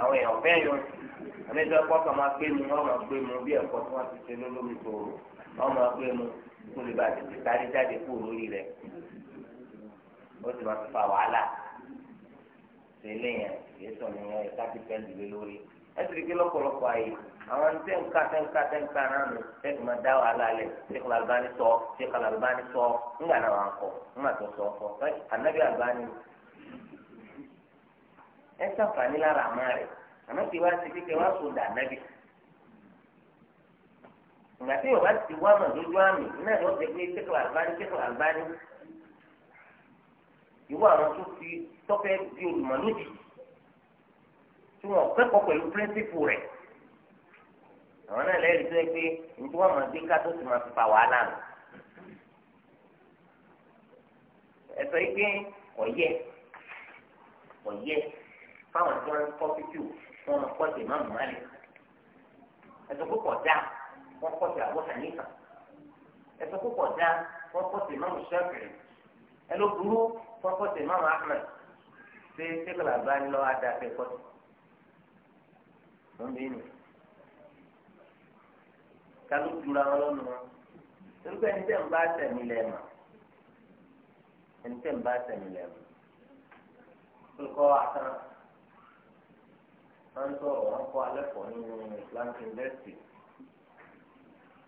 àwọn èèyàn fẹ́ yọ àmì ìjọ ẹ̀kọ́ kan máa gbé mu wọ́n máa gbé mu bí ẹ̀kọ́ tí wọ́n ti ṣe lólómi tó wọ́n máa gbé mu kó lè bá tètè sáré jáde kúrò lórí rẹ̀ ó sì máa fi fa wàhálà ṣe lẹ́yìn àti ìgbésọ̀ nìyẹn ìta ti fẹ́ lórí ẹ̀ àwọn tẹ ń ka tẹ ń ka tẹ ń ka náà nù ṣé kò máa dá wàhálà lẹ ṣé kò Albani sọ ṣé kò Albani sọ ńgbà náà wàá kọ ńgbà tó sọ kọ anabi Albani ẹ sàǹfààní lára àmà rẹ àmọ́ tí wàá ti kékeré wàá sọ dà anabi ìgbà tí yorùbá ti wá mà lójú àmì náà ló ṣe pé ṣé kò Albani ṣé kò Albani ìwọ àwọn tó fi tọ́fẹ́ di olùmọ̀ tí wọn kẹ́kọ̀ọ́ pẹ̀lú píríncípù rẹ̀ àwọn náà lẹ́yìn tó yẹ pé nítorí wọn máa gbé ká tó ti máa fi fa wàhálà nù. ẹ̀sọ́ yìí pé ọ̀yẹ́ ọ̀yẹ́ fáwọn tí wọ́n ń kọ́ fífì wọn máa kọ́ sí ìmáàmù Málíkì ẹ̀sọ́ púpọ̀ dá wọ́n kọ́ sí àbọ̀ Hànífà ẹ̀sọ́ púpọ̀ dá wọ́n kọ́ sí ìmáàmù Ṣáfi'í ẹ̀ ló burú wọ́n kọ́ sí ìmáàmù Ahmad ṣé ṣé kàlàbá ń lọ adá fẹ́ kọ́ sí. bí nù kálú jura wọn lọ́nu wọn nígbà ẹni tẹ̀ ń bá tẹ̀mí lẹ́ẹ̀mà ẹni tẹ̀ ń bá tẹ̀mí lẹ́ẹ̀mà olùkọ́ àtàn wọn sọ̀rọ̀ wọn kọ́ alẹ́ pọ̀ nínú Islamic University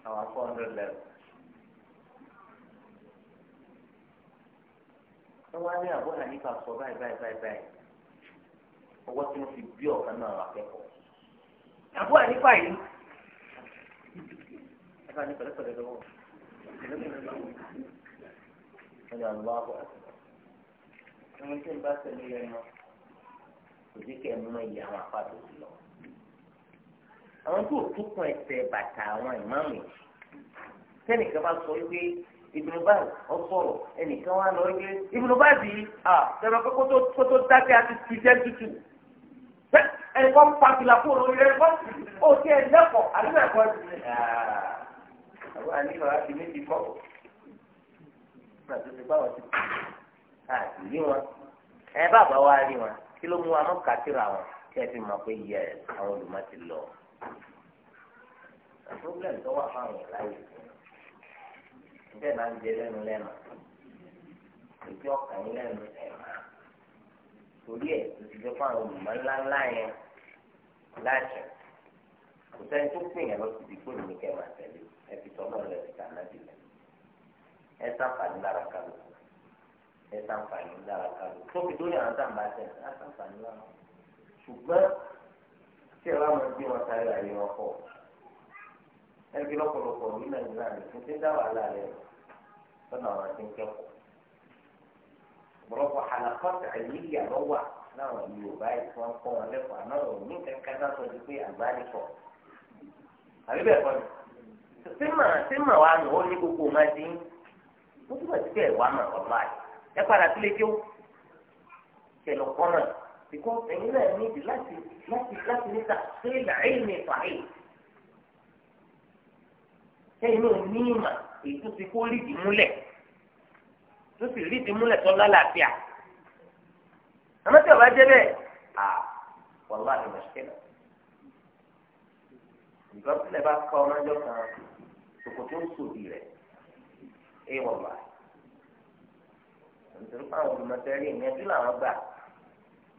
àwọn four hundred level. wọ́n wá ní àbọ̀ hànífà sọ báyìí báyìí báyìí báyìí ọwọ́ tí wọ́n fi bí ọ̀kan náà wà kẹ́kọ̀ọ́ àbọ̀ hànífà yìí ẹ̀fà ní pẹ̀lẹ́pẹ̀lẹ́ lọ́wọ́ ẹ̀lẹ́ àlọ́ àbọ̀ ẹ̀mọ tí ń bá tẹ̀lé lẹ́nu kò sí kẹ́ ẹ̀ mọ iye àwọn àpáàdé sí lọ. àwọn tó túkun ẹsẹ̀ bàtà àwọn ìmáàmù yìí sẹ́nìkan bá sọ wípé Ibn Baz ọ̀sọ̀rọ̀ ẹnìkan wá lọ wípé Ibn Baz yìí à sẹ́nu pé kótó dákẹ́ àti tìjẹ́ tutù ẹnìkan pàtìlà fóònù rẹ̀ kọ́ òkè ẹ̀dẹ́kọ̀ àdúgbò ẹ̀kọ́ ẹ̀ àwọn àníwá ti méjì kọ́ nígbà tó ti bá wọn ti kú àti rí wọn ẹ bàbá wa rí wọn kí ló mú wa mọ́ka síra wọn kí ẹ fi mọ̀ pé yẹ àwọn olùmọ̀ ti lọ. problem tó wà fáwọn ìlàyé ìjẹ́ náà ń jẹ lẹ́nu lẹ́nu ìjọ kàn yín lẹ́nu ẹ̀ma torí ẹ̀ tó ti jẹ́ fáwọn olùmọ̀ ńláńlá yẹn láṣẹ kò sẹ́ni tó pè yẹn lọ síbi kó nìkẹ́ máa tẹ̀lé ẹbí tọ́lọ́ rẹ̀ ti kà náà dìlẹ̀ ẹ sàǹfààní lára kalu ẹ sàǹfààní lára kalu tóbi tó yàrá sàǹfà tẹ̀ ẹ sàǹfààní lára ṣùgbọ́n tí ẹ bá mọ bí wọn sáré ayé wọn pọ̀ ẹbí lọ́pọ̀lọpọ̀ ní nàìjíríà ní fún tí ń dá wàhálà rẹ̀ lọ́nà àwọn àti ń kẹ́kọ̀ọ́ ọ̀pọ̀lọpọ̀ àlàkọ́tà ìyíyà lọ́wà láwọn yorùbá yìí tí wọ́n kọ́ wọn lẹ́kọ̀ọ́ àmọ́ òní kankan náà sọ símà símà wa nù ó ní gbogbo máa dín ó túbọ̀ sí kẹ́ ẹ̀ wá mà ọ̀la ẹ padà sílé kí ó kẹlọ kọ́nà bíkọ́ ẹ̀yin náà níbi láti láti láti níta ṣé làáyé mi fàáyé ẹ̀yin náà ní ìmà èyí tó ti kó rídìí múlẹ̀ tó sì rídìí múlẹ̀ tó lálàáfíà àmọ́ tí ọba jẹ́ bẹ́ẹ̀ à wàláhì mọ̀ṣẹ́lẹ̀ ìgbà tí lè bá kọ́ ọmọdé kan ṣòkòtò ń sòdì rẹ̀ ẹ wọ̀ wá nítorí pé àwọn olùmọ̀tẹ́rì ìyẹn tí làwọn gbà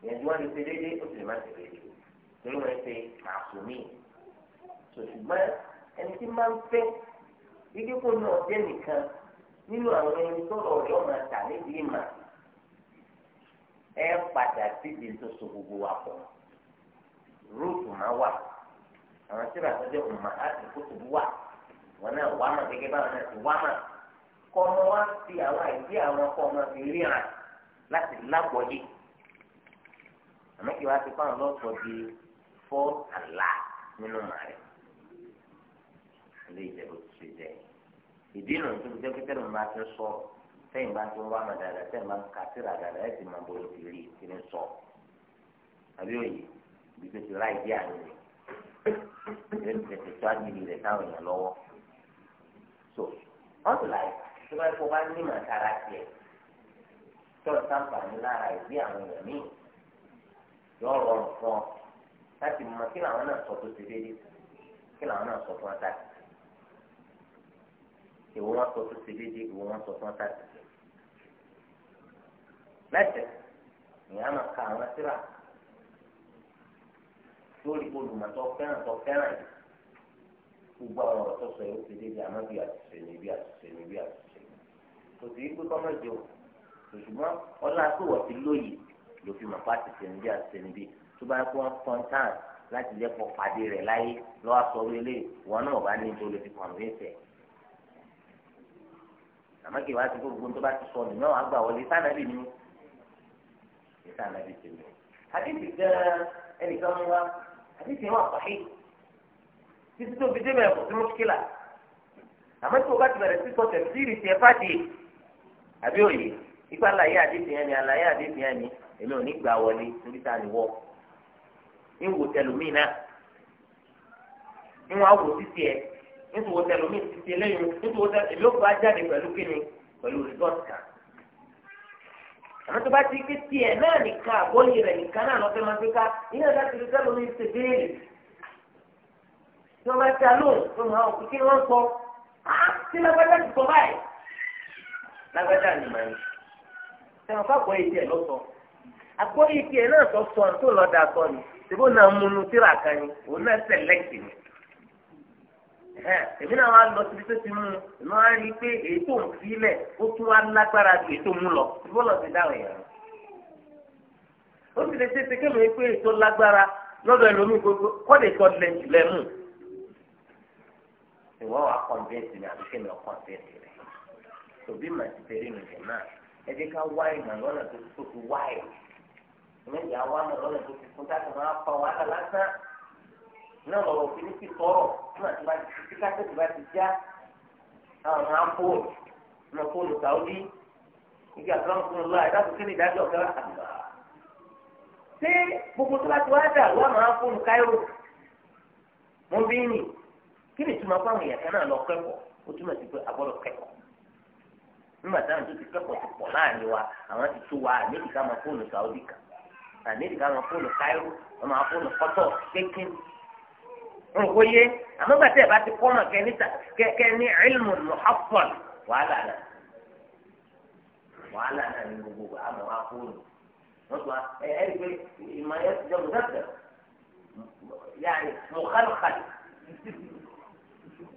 ìyẹn tí wọ́n lè ṣe déédéé ó sì lè má ṣe déédéé torí wọ́n ṣe màsùmí ṣùgbọ́n ẹni tí máa ń fẹ́ igi kò ní ọ̀jẹ́ nìkan nínú àwọn ẹni tọrọ ọ̀rẹ́ ọ̀nà àtà níbi ìmà ẹ padà síbi tó so gbogbo wa pọ̀ rúùtù máa wà àwọn tí ìràtọ́jọ́ ọ̀mà á ti kó tó wà wọn náà wá mà gẹ́gẹ́ báwọn náà ti wá mà kọ́ ọmọ wa fi àwọn àìsí àwọn ọkọ ọmọ fi ríran láti lágbọ́yé àmọ́ kí wàá ti fáwọn lọ́sọ̀ di fọ́ àlá nínú màrẹ́ ilé ìjẹ̀bù ti ṣe jẹ́ ìdí nù tó fi jẹ́ pé tẹ́lẹ̀ máa ti sọ sẹ́yìn bá ti ń wá mà dáadáa sẹ́yìn bá ń ka síra dáadáa ẹ̀ ti máa bọ̀ lókè rí i ti sọ àbí òye ibi ti ráì bí àná rẹ̀ ẹ̀ ti tó àgbèrè rẹ̀ táwọn èèyàn lọ́wọ́ so wọn tún láì tó bá kó bá ní màtara tiẹ̀ tó ń sàǹfààní lára ìgbé àwọn èèyàn míì yọ rọrùn fún ọ láti mọ kí làwọn náà sọ tó ti déédéé kí làwọn náà sọ fún ọ táàtì ìwọ wọn sọ tó ti déédéé ìwọ wọn sọ fún ọ mẹsẹ ìyá máa ka àwọn síra lórí olùmọ̀tọ́ fẹ́ràn tó fẹ́ràn yìí gbogbo àwọn ọ̀rọ̀ tó sọ yóò fi dédé àmọ́ bí àtúnṣe ni bí àtúnṣe ni bí àtúnṣe ni kò sí pé kọ́mọ̀ jọ ṣùgbọ́n ọlá tó wọ̀ sí lóye ló fi mọ̀ pàtì ṣe ni bí àtúnṣe ni bí tó bá kó wọn fọ́n tán láti jẹ́ kó pàdé rẹ̀ láyé lọ́wọ́ sọ wílé wọn náà bá ní ìjọ lè kàn lóyún sẹ̀ àmọ́ kí wàá ti gbogbo tó bá ti sọ nìyẹn wàá gbà wọlé sànàbì ni sànàbì ti mi àdéhùn gan ẹnìkan mú wa àdéhùn wa pàṣẹ títí tó fi débẹ̀ kò sí mọ́ṣíkìlà àmọ́ tí o bá ti bẹ̀rẹ̀ sí sọ tẹ̀síìrì tiẹ̀ fàdí àbí òye ipa àlàyé àdéhùn yẹn ni àlàyé àdéhùn yẹn ni èmi ò ní gbà wọlé torí ta ni wọ́ ń wò tẹlómìn náà ń wọ́n á wò títí ẹ̀ ń tún wò tẹlómìn títí lẹ́yìn ń tún wò tẹ èmi ò bá jáde pẹ̀lú kíni pẹ̀lú rìsọ́ọ̀tì kan àmọ́ tó bá ti ké tiẹ̀ náà nìkan àbọ̀lì rẹ̀ nìkan náà lọ́fẹ́ máa gbé ká iná ìdá tí wọ́n bá dá lóhùn ló máa wọ̀ kí wọ́n sọ ah, kí lágbájá ti sọ báyìí lágbájá ni màá ní sẹ́wọ̀n fàgbọ́ èyí ẹ̀ lọ́sọ̀ àgbọ́ èyí ẹ̀ náà sọ sọ tó lọ́ọ́ da sọ ni tìbó náà múnú tíra kan ni òun náà sẹ̀lẹ̀kì ni èmi náà wá lọ síbi tó ti mú un rí i pé èyí tó ń ó tún wá lágbára ju èyí ìwọ wà kọ̀ǹdẹ́ǹtì ní àbíkẹ́ mi ọ̀kọ̀ǹdẹ́ǹtì rẹ̀ tòbí mà ti tẹ̀lé mi jẹ̀ náà ẹ jẹ́ ká wá ìmọ̀ lọ́nà tó tó fi wá ẹ̀ ìmọ̀jì àwa mọ̀ lọ́nà tó fi fún táàkì máa fa wàhálà lásán náà lọ́wọ́ fi ní ti tọrọ nígbà tí wàá ti káṣẹ́ tí wàá ti já àwọn afóònù ní fóònù sàwọ́dí ìgbà tó ń fún un lọ àìdáàbò kí ni ìdájọ́ ọ̀gá àgbà ṣé gbogbo tó bá ti wá dà wọ́n máa káyọ̀ mọ́ bí kí ni ìtumọ̀ àwọn èèyàn kan lọ kẹ́kọ̀ọ́ ó túmọ̀ sí pé àgbọ̀dọ̀ kẹ́kọ̀ọ́ nígbà táwọn tó ti kẹ́kọ̀ọ́ ti pọ̀ láàrin wa àwọn ti tó wa àníbi ká máa fóònù Saudi kan àníbi ká máa fóònù Cairo wọn máa fóònù kọ́tọ̀ kékin ń yé àmọ́ bàtẹ́ ẹ̀ bá ti kọ́ mọ̀ kẹ́ ní ilmu wàhálà náà wàhálà náà gbogbo àmọ́ wa fóònù wọ́n ẹ̀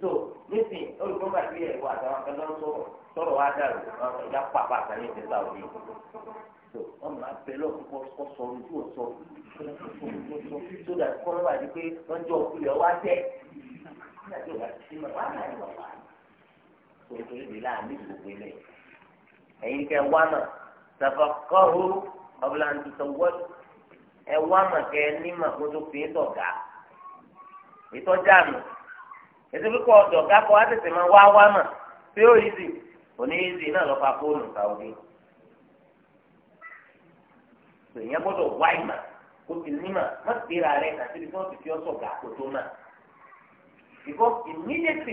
tó nísìnyí olùkọ́ bá ti yẹ ìwọ àtàwọn akẹ́lọ́ sọ̀rọ̀ sọ̀rọ̀ wá dàrú àwọn ọ̀yà pàpà àtàlẹ́ ìfẹ́ sáà òní tó wọ́n máa bẹ lọ́kùnkọ́ kọ́ sọ ohun tí ò sọ tó dà kọ́ lọ́wọ́ àti pé wọ́n jọ òkú yọ wá tẹ́ nítorí bí láàánú gbogbo ilé ẹ̀yin kẹ́ wá mà sàfàkọ́hó ọ̀bùlàǹtìsọ̀wọ́dù ẹ̀ ní mà kó tó fi é ètò kíkọ ọ̀dọ̀ kákọ́ á tètè máa wá wá mà pé ó yìí òní yìí náà lọ́ọ́ fa fóònù káwé èèyàn gbọdọ wá ìmà kó ti nímà má gbéra rẹ̀ àti ibi tí wọ́n ti fi ọ́sọ̀ gà kó tó mà ti mà tí ti lè fi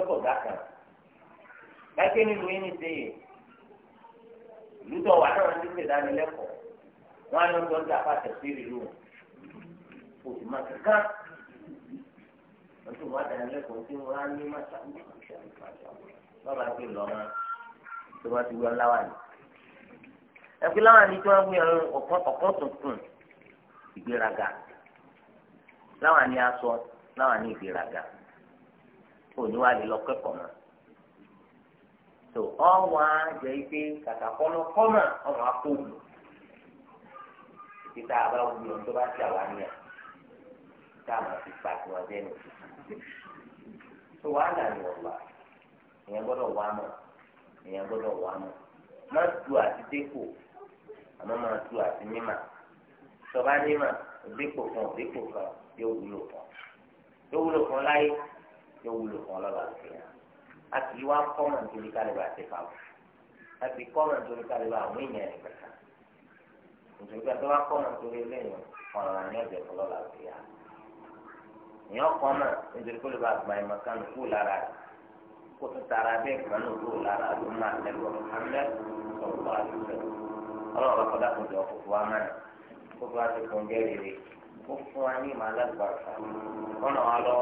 ọ́sọ̀ gà kàn láìpẹ́ nílùú ní sèyí ìlú ti ń wọn á kò sì máa kankan wọ́n tún wá dáná lẹ́kọ̀ọ́ tí wọ́n á ní màtà bàbá gbé lọ́mọ tó bá ti wọ́n láwà ní. ẹgbẹ́ láwà ní tí wọ́n gbé ẹ̀rọ ọ̀kan tuntun ìgbéraga láwà ní aṣọ láwà ní ìgbéraga òní wà lè lọ kẹ́kọ̀ọ́ mọ́ tó ọwọ́ á jẹ́ pé kàkà kọ́nà kọ́nà ọ̀rọ̀ àpò òòlù títà àbáwọ̀ gbìyànjú tó bá ti àwa ní táwọn ti pa tiwọn dẹnu tó wàhálà ni wọn wà èèyàn gbọ́dọ̀ wà mọ èèyàn gbọ́dọ̀ wà mọ má tu àti dépò àmọ́ má tu àti mímà tọba mímà dépò kan dépò kan yóò wúlò kan yóò wúlò kan láyé yóò wúlò kan lọ́la òkèèyàn a kì í wá kọ́mọ̀ nítorí kálíbà àti kàwé a kì í kọ́mọ̀ nítorí kálíbà àwọn èèyàn ẹ̀ gbẹ̀ka nítorí pé kọ́mọ̀ nítorí lẹ́yìn ọ̀ràn ní ọ̀jẹ̀ kan lọ́la òkèèyàn. èèyàn kọ́ mà nítorí kó lè bá àgbà ìmọ̀ kan kú lára rẹ̀ kó tó tara bí kan náà kú lára ló máa tẹ̀lé ọ̀hánlẹ́ sọ̀rọ̀ àdúgbò ọlọ́run ọ̀kọ́dà kò jọ fúnfún wa mọ́ni kó fún wa ti fún gẹ́rẹ́rẹ́ kó fún wa ní ìmọ̀ alágbàfà kọ́nà wa lọ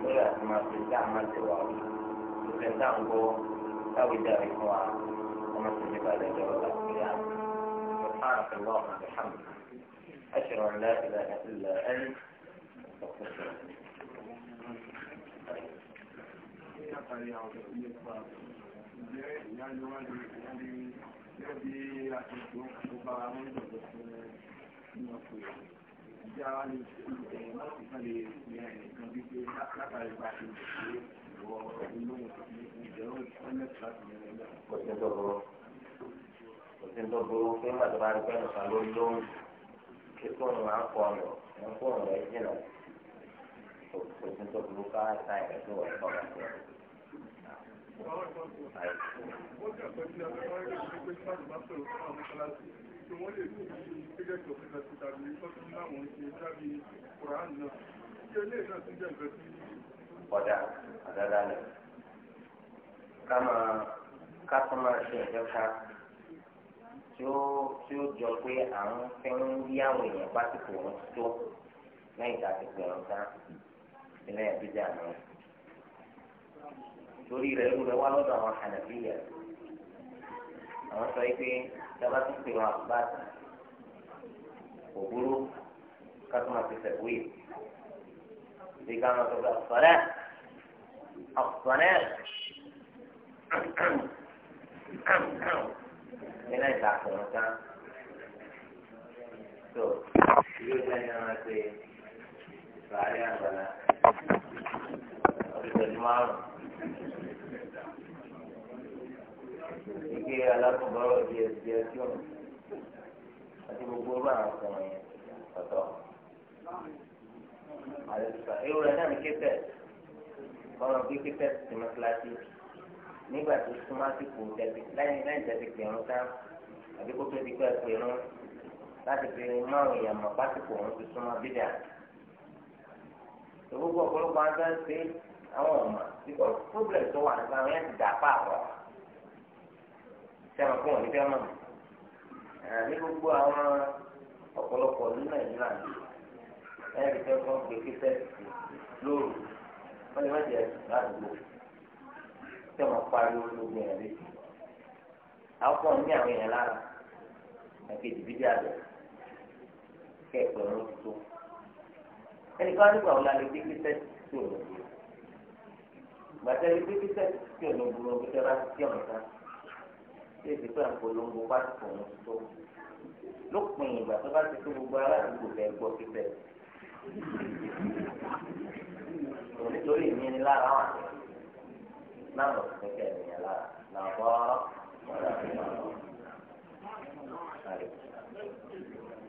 lórí àti máa fi dá àmà ti wà ó ìfẹ́ dá ń gbọ́ táwé dàrí fún wa o fi da n gbo tawe tó ti balẹ̀ jọ lọ́kùnrin àti سبحانك اللهم وبحمدك أشهد أن لا إله إلا أنت kò sí tó burú kò sí tó burú fún ìgbà tó bá ń gbẹ́ nìkan ló lóyún kí kóòrùn máa ń pọ̀ ọ̀nà ẹ̀ ń pọ̀ ọ̀nà ẹ̀ jìnnà sí kò sí tó burú ká ta ẹ̀ tó wọ̀ ẹ̀kọ́ bá tó. àdáda lẹ̀. Ká máa ká tó máa ṣe ìjọba tí ó tí ó jọ pé à ń fẹ́ ń yáwó èèyàn bá ti kò wọ́n tó lẹ́yìn tá a ti pè wọ́n iná yẹn bí dáa náà torí rẹ̀ irú rẹ̀ wá lọ́dọ̀ àwọn hànàfíyà àwọn sọ pé dábàá tó pè wọn àbá òbúrú kátó máa ti sẹ̀kú yìí bí ká máa sọ pé ọ̀sọ̀rẹ́ ọ̀sọ̀rẹ́ iná ìta àkùnrin kan tó yóò jẹ́ ní wọn ṣe sàárẹ̀ àgbàlá ìṣẹ́jú márùn-ún. Ike alákùnbọ̀rọ̀ di ẹsẹ̀ ẹsẹ̀ ọ̀hún. Àti gbogbo bá àwọn ọkùnrin yẹn tọ̀tọ̀. Àlùfà irú rẹ̀ náà ní kéfẹ̀. Ọ̀rọ̀ bí kéfẹ̀ ti mọ kíláàsì. Nígbà tó súnmọ́ àsìkò tẹ̀sí lẹ́yìn lẹ́yìn tẹ̀sí pẹ̀rún tán. Àbí kó tó di pẹ́ pẹ̀rún láti fi márùn-ún ìyàmọ̀ pásìkò òun ti súnmọ́ bídà. Ìgbógbó ọ̀pọ̀lọpọ̀ àwọn ọmọ because problem tó wà nípa àwọn yẹn ti dà pa àwọn sẹ́wọ̀n fún wọn ní fẹ́ mọ̀ ní gbogbo àwọn ọ̀pọ̀lọpọ̀ ní nàìjíríà ẹ̀yìn tí wọ́n fọ́n gbé kíkẹ́ lóru wọ́n lè má jẹ́ ládùúgbò sẹ́wọ̀n pariwo lóògùn yẹn létí àwọn kan ní àwọn èèyàn lára àti ìdìbídì àbẹ̀ kẹ́ẹ̀pẹ̀ wọn ti tó ẹnì kan nígbà wo la lè gbé kíkẹ́ gbàtẹ́ ibi tí sẹ́ẹ̀tì tí ò ní burú bí tẹ́ bá ti tí ọ̀nà ká tí èsì pé àpolongo bá ti pọ̀ wọn tó lópin ìgbà tó bá ti tó gbogbo aládùúgbò fẹ́ gbọ́ fífẹ́ nítorí ìyẹnì lára wà náà lọ sí kẹ́kẹ́ ènìyàn lára làbọ́ ọ̀rọ̀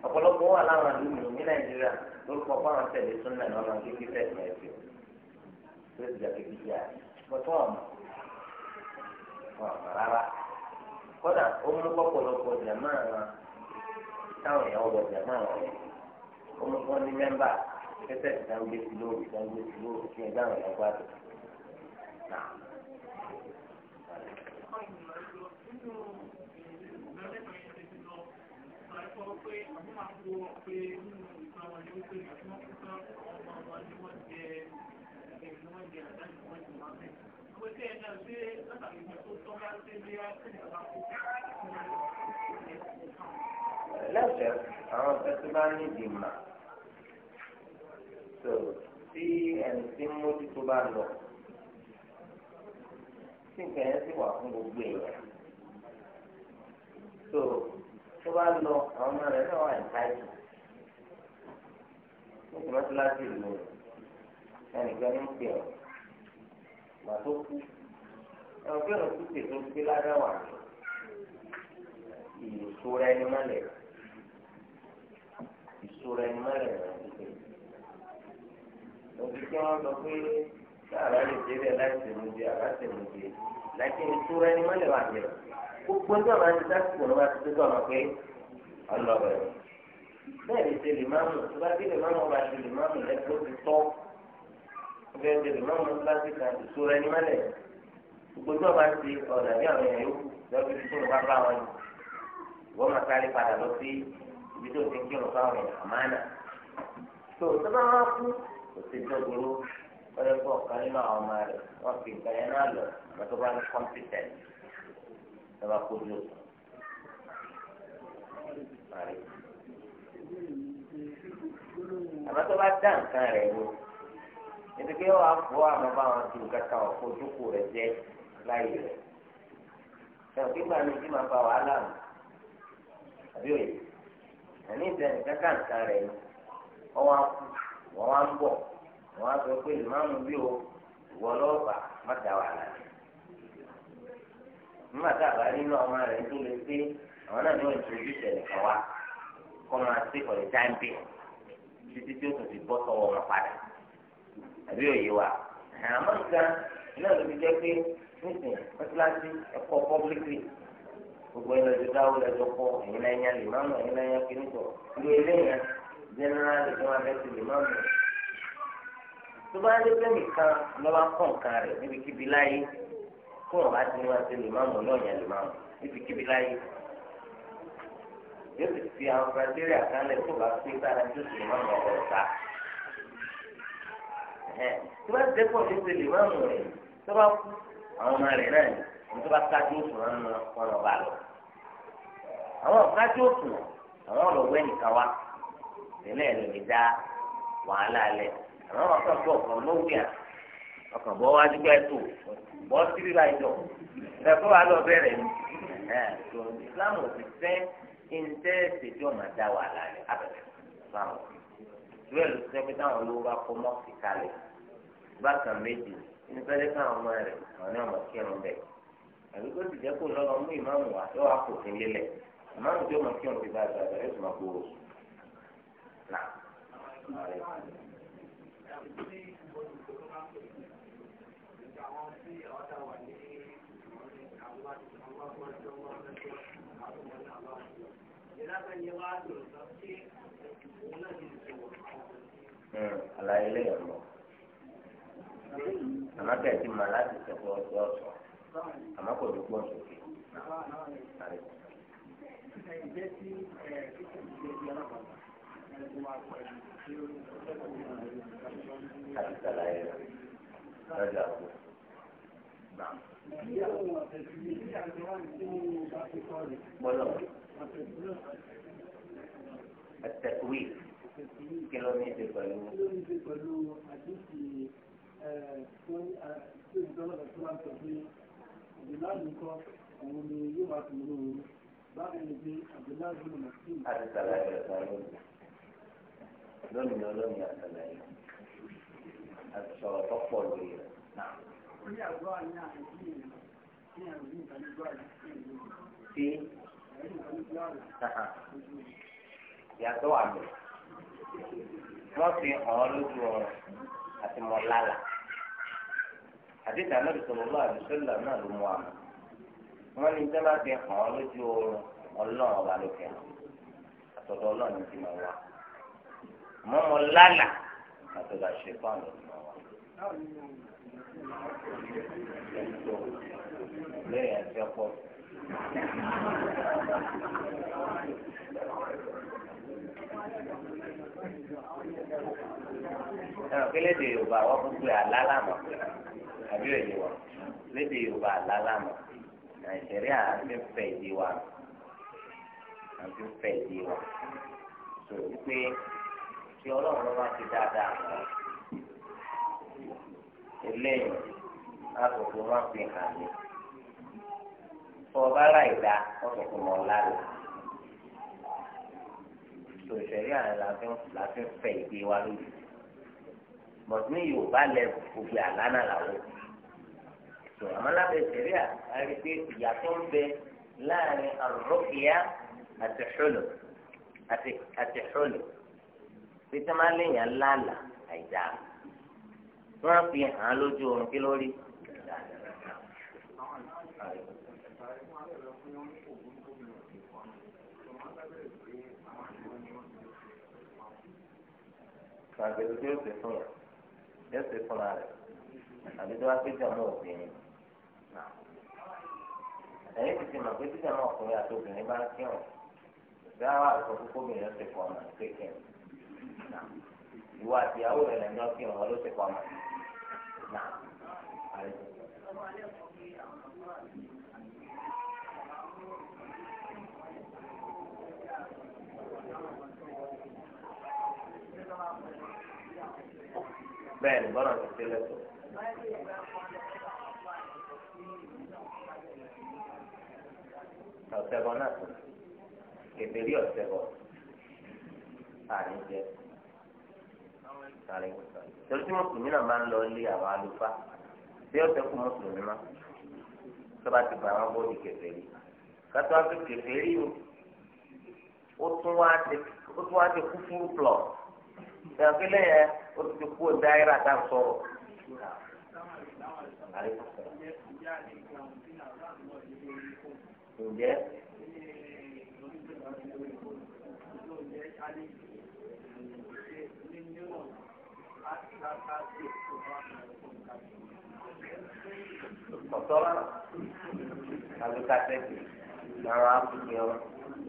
ọ̀pọ̀lọpọ̀ wà láwọn àdúgbò ní nàìjíríà lórúkọ fáwọn tẹ̀lé súnmọ́ ẹ̀ lọ́nà kékeré ẹ̀ lọ́ọ́ fi ó sì bọ́tọ́ ọ̀nà ọ̀nà rárá kódà ó mú àwọn táwọn èèyàn wọ jàmá àwọn yẹn ó ní mẹ́mbà tẹ́tẹ́ ìdáwọ́gbé sí lóòrù ìdáwọ́gbé sí lóòrù kí ẹgbẹ́ àwọn èèyàn gbádùn. Thank you lẹ́sẹ̀ àwọn ọ̀sẹ̀ tí máa ń ní ìdìmọ̀ tó tí ẹni tí ń mójútó bá lọ tí nǹkan yẹn sì wà fún gbogbo èèyàn tó tó bá lọ àwọn ọmọ rẹ̀ náà wà ní táìpù ní tòmátì láti ìlú ẹnìkan ń pè ọ́ ìgbà tó kú ẹ̀rọ pé òun kúkè tó gbé ládàwà ìṣòro ẹni mọ́lẹ̀ ìṣòro ẹni mọ́lẹ̀ rẹ̀ nígbè. òbí tí wọ́n sọ pé sáàrà lè dé bẹ́ẹ̀ láì tẹ̀mùjẹ àbá tẹ̀mùjẹ láti ìṣòro ẹni mọ́lẹ̀ wà jẹ́ gbogbo ní ọ̀nà àti sásìkò ní wàá ti tó tọ̀nà pé ọlọ́bẹ̀rẹ̀ bẹ́ẹ̀ ni ṣe lè máa mú tó bá dé lè máa mú ọba ṣe lè máa mú lẹ́gbẹ́ ti tọ́ gẹ́gẹ́ bí mọ́mọ́ kíláàsì kan ìṣòro ẹni mọ́lẹ̀ gbogbo bá ti ọ̀dà ní àwọn èèyàn yòókù lọ́jọ́ tí wọ́n bá bá wọn ni wọ́n máa sáré padà lọ sí ibi tó ti ń kírun fáwọn èèyàn àmánà tó tó bá wọn kú kò sí tó burú wọ́n lè fọ ọ̀kan nínú àwọn ọmọ rẹ̀ wọ́n fi nǹkan yẹn náà lọ wọ́n bá ní kọ́mpítẹ̀ǹt lọ́ba kó dúró sùn. bá dá nǹkan rẹ̀ wọ́n níbi pé wọ́n á fọ́ àmọ́ bá wọn ju nǹkan kan ọ̀pọ̀ ojúkù rẹ̀ jẹ́ láyé rẹ̀ ẹ̀rọ gbígbà mi ti máa fa wàhálà mi àbí òye ẹ̀ní ìbẹ̀rẹ̀ kankan nǹkan rẹ̀ ni ọwọ́ á kú wọ́n á ń bọ̀ wọ́n á sọ pé ìmáàmù bí o ìwọ lọ́ọ̀bà má da wàhálà rẹ̀ nígbà tá a bá nínú ọmọ rẹ̀ tó lè pé àwọn náà ní wọ́n ti ojú ìṣẹ̀lẹ̀ kan wá kọ́ máa ṣe for the time being títí tí ó tún ti bọ́ sọ́wọ́ wọn padà. àbí òye wa àmọ́ nǹkan náà ló fi jẹ́ pé nísìn mọ́tíláṣí ẹ̀kọ́ pọ́blíkì gbogbo ẹ̀ lọ́jọ́ dáwọ́ lẹ́jọ́ kọ́ ẹ̀yin náà yẹn lèmọ́mù ẹ̀yin náà yẹn kiri tọ̀ ilé ilé yẹn jẹ́nẹ́rálì tó wà lẹ́sìn tó bá dé pé nìkan lọ́ba kọ̀ nǹkan rẹ̀ níbikíbi láyé kó wọn bá ti ní tí wọ́n ti pọ̀ nípa ìlú máa mú rẹ̀ tó bá kú àwọn ọmọ rẹ̀ náà ní ní tó bá kájú òsùn náà nù wọn lọ bá lọ. àwọn kájú òsùn àwọn ọlọ́wọ́ ẹnìkan wá ìpínlẹ̀ ló lè dá wàhálà lẹ̀ àwọn ọkàn tó ọkàn lówìà ọkàn bọ́ wá dúgbà ètò bọ́ síbí bá ìjọ ẹ̀kọ́ wa lọ bẹ̀rẹ̀ ní ẹ̀ẹ́dọ̀ ìsìlámù ti fẹ́ ìǹtẹ́ ìṣèjọ́ máa dá wàhálà lẹ̀ abẹ̀rẹ̀ fáwọn ìṣúrẹ́ ló ti sẹ́pẹ́ táwọn olówó bá kọ́ bákan méjì ní sọ́jẹ́ káwọn ọmọ rẹ̀ àwọn ní ọmọ kírun bẹ̀. àbí kó ti jẹ́ kó lọ́wọ́ mú ìmáàmù wá yóò wá kò fún lélẹ̀ ìmáàmù tí ó mọ kírun ti bá a gbàgbà yóò tún máa gbowó. Àlàyé lè yàn mọ́ àmọ́ bẹ́ẹ̀ ti mọ̀ láti sọ̀tọ̀ ọ̀sọ̀ ọ̀sọ̀ àmọ́ kò ní pọ̀ sókè. Àti sàlàyé rẹ̀ lọ́jà kú. Bọ́lọ̀ ẹ̀tẹ̀kùwì kí ló ní í ṣe pẹ̀lú tó tó ìjọba tó máa ni yóò máa tún lò ó báyìí ni pé àbíláàbù lò máa tún. a ti sàlàyé rẹ̀ sáré lónìí lónìí àtàlàyé wọ́n fi hàn án lójú ọ̀rọ̀ àti mọ̀lára àdéhùn ànábì sallallahu alaihi wasallam náà ló mú wa wọn ní sẹ́lá ti hàn án lójú oorun ọlọ́run ọba ló fẹ́ àtọ̀dọ̀ ọlọ́run ti máa wá mọ́ mọ́ lálà àtọ̀dọ̀ àṣepọ̀ àná ti máa wá. lẹ́yìn àti ọ̀pọ̀ ẹ̀rọ kílẹ̀ dè yorùbá wọ́n gbogbo àlá lánàá àbí òye wa lédè yorùbá àlálàmà nàìjíríà àfẹ́fẹ́ ìdí wa àfẹ́fẹ́ ìdí wa sọ wípé tí ọlọ́run ló máa ti dáadáa mọ́ eléyìí àtòkò máa fi hàn mí tó ọba láì dá ọtòkò mọ́ lálẹ́ sọ ìṣẹ̀rí àrẹ la fẹ́ ìdí wa lójú but ní yorùbá lẹ òfin àlànà làwọn so àmọ́ lábẹ́ ìṣẹ̀lẹ̀ àrí pé ìyàtọ̀ ń bẹ láàrin àrùkìá àti xulù àti àti xulù pété máa léèyàn lálà àìdá wọn fi hàn án lójú oorun kí ló rí. yóò ṣe fúnra na àbí tó wá pé jàmọ́ obìnrin ẹ̀yìn ti ti mọ̀ pé tí jàmọ́ ọkùnrin àti obìnrin bá ń kírun ìgbà wà sọ kókó mi yóò ṣe fún ọmọ kékeré ìwọ àti ìyàwó rẹ̀ lẹ́nu kírun wọn ló ṣe fún ọmọ bẹ́ẹ̀ ni bọ́lá ti tẹ́lẹ̀ tó. ọ̀sẹ̀bọ̀ náà tó kẹfẹ́rí ọ̀sẹ̀bọ̀ àárín jẹ àárín torí tí mùsùlùmí náà máa ń lọ ilé àwọn àlùfáà bí ọ̀sẹ̀ kù mùsùlùmí má tó bá ti gbà wọn bó di kẹfẹ́rí kátó wá fi kẹfẹ́rí o ó tún wá ti kúfúrú plọ̀ ṣàkílẹ̀ yẹn ó ti kú dáírà tá a sọ̀rọ̀. ǹjẹ́ ọ̀tọ́lá àlùkàtẹ́kì làwọn akùnrin ọ̀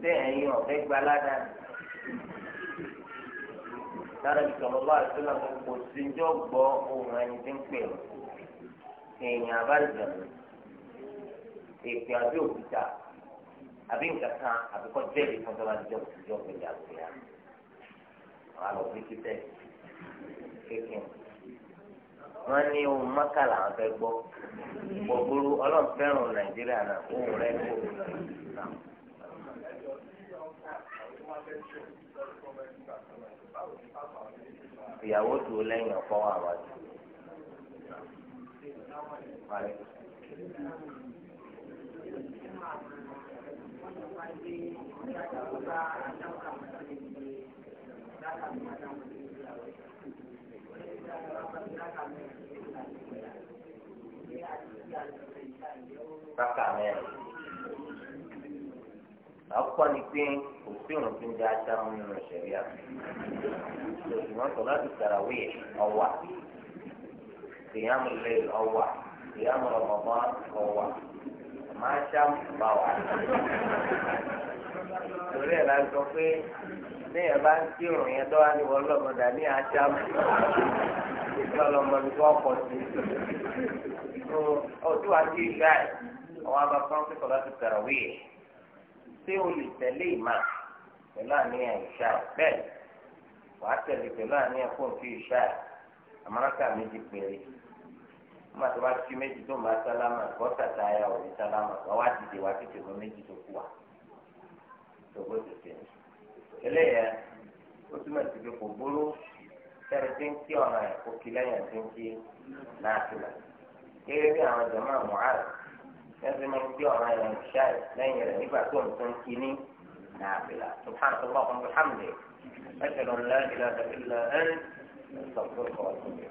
bẹ́ẹ̀ ẹ̀yin ọ̀fẹ́ gbaládàá. sára ndị sọlọ́lá àtúnlá mo kò sí ní ọgbọ́ ohun ẹni tí ń pè ọ́ èèyàn àbájáde èpè àbí òkúta àbí nǹkan kan àbíkọ́ jẹ́rì fún tọ́lá ní bí kékin ní ohun mọ́kàlá àwọn fẹ́ gbọ́ gbogbo ọlọ́ọ̀fẹ́ràn nàìjíríà náà ohun rẹ̀ kò náà. ìyàwó dùn lẹ́yìn ọ̀pọ̀ wọn àwàdì. Bákan mẹ́rin àkọ́kọ́ ni pé kò sí òun tó ń jẹ ajá wọn nínú ìṣẹ̀lẹ̀ àti ìṣòwòn sọ láti tàràwé ọ̀wà ìyàmù lè ọ̀wà ìyàmù ọ̀mọ̀mọ́ ọ̀wà máa ṣàmù bá wà. torí ẹ̀ la sọ pé ní ẹ̀ bá ń tí òun yẹn tó wá ní wọ́n lọ́mọdà ní aṣámù ìtọ́lọmọdé wọ́n pọ̀ sí i. ọ̀tún àti ìgbà ẹ̀ ọ̀wọ́n abá fún kọ́ láti tàràwé ṣé o lè tẹ̀lé ìmà pẹ̀lú àníyàn ìṣá bẹ́ẹ̀ wàá tẹ̀lé pẹ̀lú àníyàn fún òfin ìṣá àmọ́ráká méjì péré nígbà tó bá tú méjì tó ń bá sálámà bọ́tà táyà ò ní sálámà wà wá dìde wá tètè mọ méjì tó kú wa tó bó ti tẹ̀ eléyà ó túmọ̀ sí pé kò burú sẹ́ni tí ń kí ọ̀nà ẹ̀kọ́ kí lẹ́yìn tí ń kí náà ti lọ ẹsẹ̀ máa ń gbé ọ̀ràn ẹ̀yàn ìṣá ẹ̀ lẹ́yìn rẹ̀ nígbà tó ń tún kí ní nàbìlà subhanahu wa ta'ala wa hamdi ẹsẹ̀ lọ la ilaha illa anta astaghfiruka wa atubu